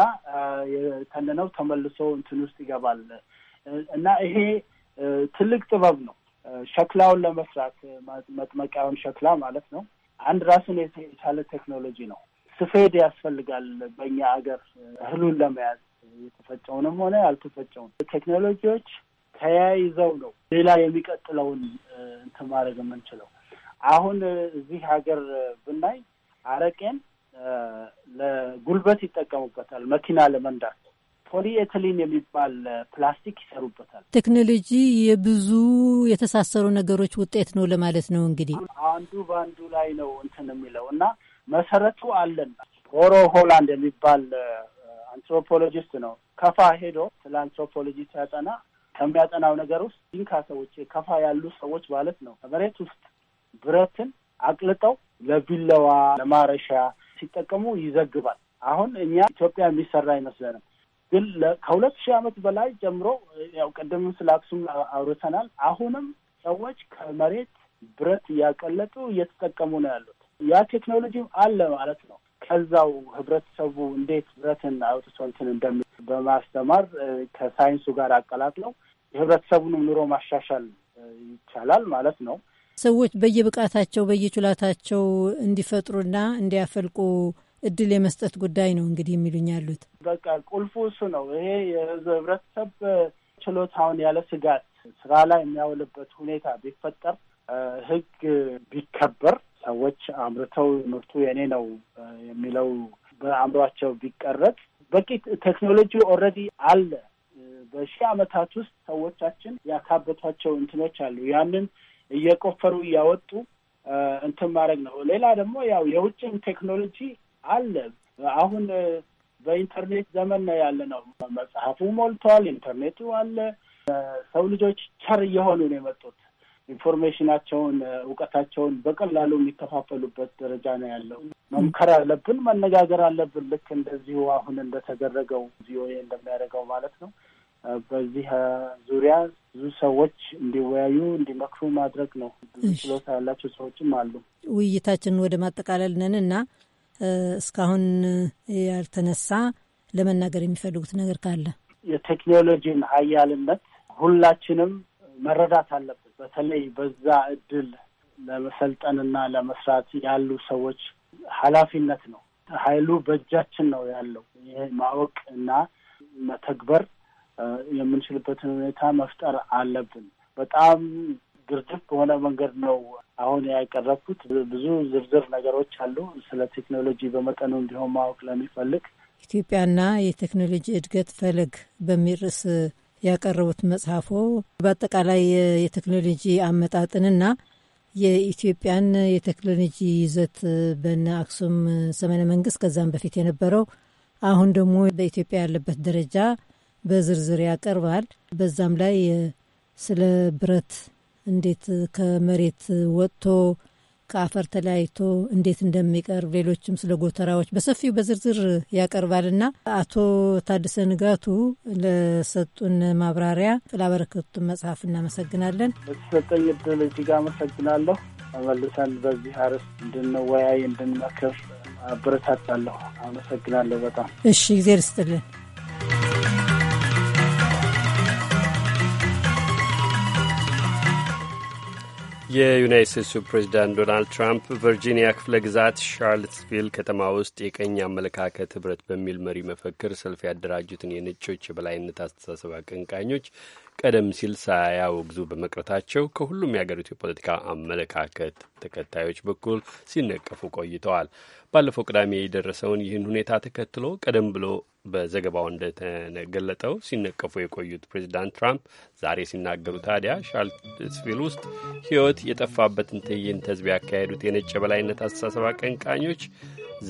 የተነነው ተመልሶ እንትን ውስጥ ይገባል እና ይሄ ትልቅ ጥበብ ነው። ሸክላውን ለመስራት መጥመቂያውን ሸክላ ማለት ነው። አንድ ራሱን የቻለ ቴክኖሎጂ ነው። ስፌድ ያስፈልጋል። በእኛ ሀገር እህሉን ለመያዝ የተፈጨውንም ሆነ ያልተፈጨውን ቴክኖሎጂዎች ተያይዘው ነው ሌላ የሚቀጥለውን እንትን ማድረግ የምንችለው። አሁን እዚህ ሀገር ብናይ አረቄን ለጉልበት ይጠቀሙበታል፣ መኪና ለመንዳት ፖሊኤትሊን የሚባል ፕላስቲክ ይሰሩበታል። ቴክኖሎጂ የብዙ የተሳሰሩ ነገሮች ውጤት ነው ለማለት ነው። እንግዲህ አንዱ በአንዱ ላይ ነው እንትን የሚለው እና መሰረቱ አለን። ሮሮ ሆላንድ የሚባል አንትሮፖሎጂስት ነው ከፋ ሄዶ ስለ አንትሮፖሎጂ ሲያጠና ከሚያጠናው ነገር ውስጥ ዲንካ ሰዎች ከፋ ያሉ ሰዎች ማለት ነው መሬት ውስጥ ብረትን አቅልጠው ለቢለዋ ለማረሻ ሲጠቀሙ ይዘግባል። አሁን እኛ ኢትዮጵያ የሚሰራ አይመስለንም። ግን ከሁለት ሺህ ዓመት በላይ ጀምሮ ያው ቅድም ስለ አክሱም አውርተናል። አሁንም ሰዎች ከመሬት ብረት እያቀለጡ እየተጠቀሙ ነው ያሉት። ያ ቴክኖሎጂም አለ ማለት ነው። ከዛው ህብረተሰቡ እንዴት ብረትን አውጥቶ እንትን እንደሚ በማስተማር ከሳይንሱ ጋር አቀላቅለው የህብረተሰቡንም ኑሮ ማሻሻል ይቻላል ማለት ነው። ሰዎች በየብቃታቸው በየችላታቸው እንዲፈጥሩና እንዲያፈልቁ እድል የመስጠት ጉዳይ ነው እንግዲህ የሚሉኝ ያሉት። በቃ ቁልፉ እሱ ነው። ይሄ የህብረተሰብ ችሎታውን ያለ ስጋት ስራ ላይ የሚያውልበት ሁኔታ ቢፈጠር፣ ህግ ቢከበር፣ ሰዎች አምርተው ምርቱ የኔ ነው የሚለው በአእምሯቸው ቢቀረጥ፣ በቂ ቴክኖሎጂ ኦልሬዲ አለ። በሺህ ዓመታት ውስጥ ሰዎቻችን ያካበቷቸው እንትኖች አሉ። ያንን እየቆፈሩ እያወጡ እንትን ማድረግ ነው። ሌላ ደግሞ ያው የውጭን ቴክኖሎጂ አለ። አሁን በኢንተርኔት ዘመን ነው ያለ ነው። መጽሐፉ ሞልቷል፣ ኢንተርኔቱ አለ። ሰው ልጆች ቸር እየሆኑ ነው የመጡት። ኢንፎርሜሽናቸውን፣ እውቀታቸውን በቀላሉ የሚከፋፈሉበት ደረጃ ነው ያለው። መምከር አለብን፣ መነጋገር አለብን። ልክ እንደዚሁ አሁን እንደተደረገው ቪኦኤ እንደሚያደርገው ማለት ነው። በዚህ ዙሪያ ብዙ ሰዎች እንዲወያዩ እንዲመክሩ ማድረግ ነው። ብዙ ችሎታ ያላቸው ሰዎችም አሉ። ውይይታችንን ወደ ማጠቃለል ነን እና እስካሁን ያልተነሳ ለመናገር የሚፈልጉት ነገር ካለ? የቴክኖሎጂን ሀያልነት ሁላችንም መረዳት አለብን። በተለይ በዛ እድል ለመሰልጠንና ለመስራት ያሉ ሰዎች ኃላፊነት ነው። ኃይሉ በእጃችን ነው ያለው። ይሄ ማወቅ እና መተግበር የምንችልበትን ሁኔታ መፍጠር አለብን። በጣም ግርድፍ በሆነ መንገድ ነው አሁን ያቀረብኩት። ብዙ ዝርዝር ነገሮች አሉ። ስለ ቴክኖሎጂ በመጠኑ እንዲሆን ማወቅ ለሚፈልግ ኢትዮጵያና የቴክኖሎጂ እድገት ፈለግ በሚል ርዕስ ያቀረቡት መጽሐፎ በአጠቃላይ የቴክኖሎጂ አመጣጥንና የኢትዮጵያን የቴክኖሎጂ ይዘት በነ አክሱም ዘመነ መንግስት ከዛም በፊት የነበረው አሁን ደግሞ በኢትዮጵያ ያለበት ደረጃ በዝርዝር ያቀርባል። በዛም ላይ ስለ ብረት እንዴት ከመሬት ወጥቶ ከአፈር ተለያይቶ እንዴት እንደሚቀርብ ሌሎችም ስለ ጎተራዎች በሰፊው በዝርዝር ያቀርባልና አቶ ታደሰ ንጋቱ ለሰጡን ማብራሪያ ስላበረከቱን መጽሐፍ እናመሰግናለን። በተሰጠኝ እድል እጅግ አመሰግናለሁ። መልሰን በዚህ አርስ እንድንወያይ እንድንመክር አበረታታለሁ። አመሰግናለሁ በጣም እሺ፣ ጊዜ ልስጥልን። የዩናይት ስቴትሱ ፕሬዚዳንት ዶናልድ ትራምፕ ቨርጂኒያ ክፍለ ግዛት ሻርልትስቪል ከተማ ውስጥ የቀኝ አመለካከት ህብረት በሚል መሪ መፈክር ሰልፍ ያደራጁትን የነጮች የበላይነት አስተሳሰብ አቀንቃኞች ቀደም ሲል ሳያወግዙ በመቅረታቸው ከሁሉም የአገሪቱ የፖለቲካ አመለካከት ተከታዮች በኩል ሲነቀፉ ቆይተዋል። ባለፈው ቅዳሜ የደረሰውን ይህን ሁኔታ ተከትሎ ቀደም ብሎ በዘገባው እንደተገለጠው ሲነቀፉ የቆዩት ፕሬዚዳንት ትራምፕ ዛሬ ሲናገሩ ታዲያ ሻርልስቪል ውስጥ ሕይወት የጠፋበትን ትዕይንት ህዝብ ያካሄዱት የነጭ የበላይነት አስተሳሰብ አቀንቃኞች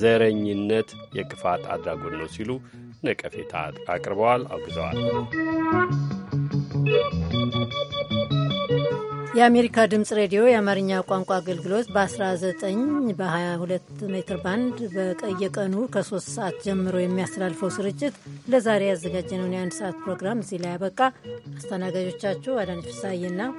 ዘረኝነት የክፋት አድራጎት ነው ሲሉ ነቀፌታ አቅርበዋል፣ አውግዘዋል። የአሜሪካ ድምጽ ሬዲዮ የአማርኛ ቋንቋ አገልግሎት በ19 በ22 ሜትር ባንድ በቀየቀኑ ከ3 ሰዓት ጀምሮ የሚያስተላልፈው ስርጭት ለዛሬ ያዘጋጀነውን የአንድ ሰዓት ፕሮግራም እዚህ ላይ ያበቃ። አስተናጋጆቻችሁ አዳነች ፍሳዬና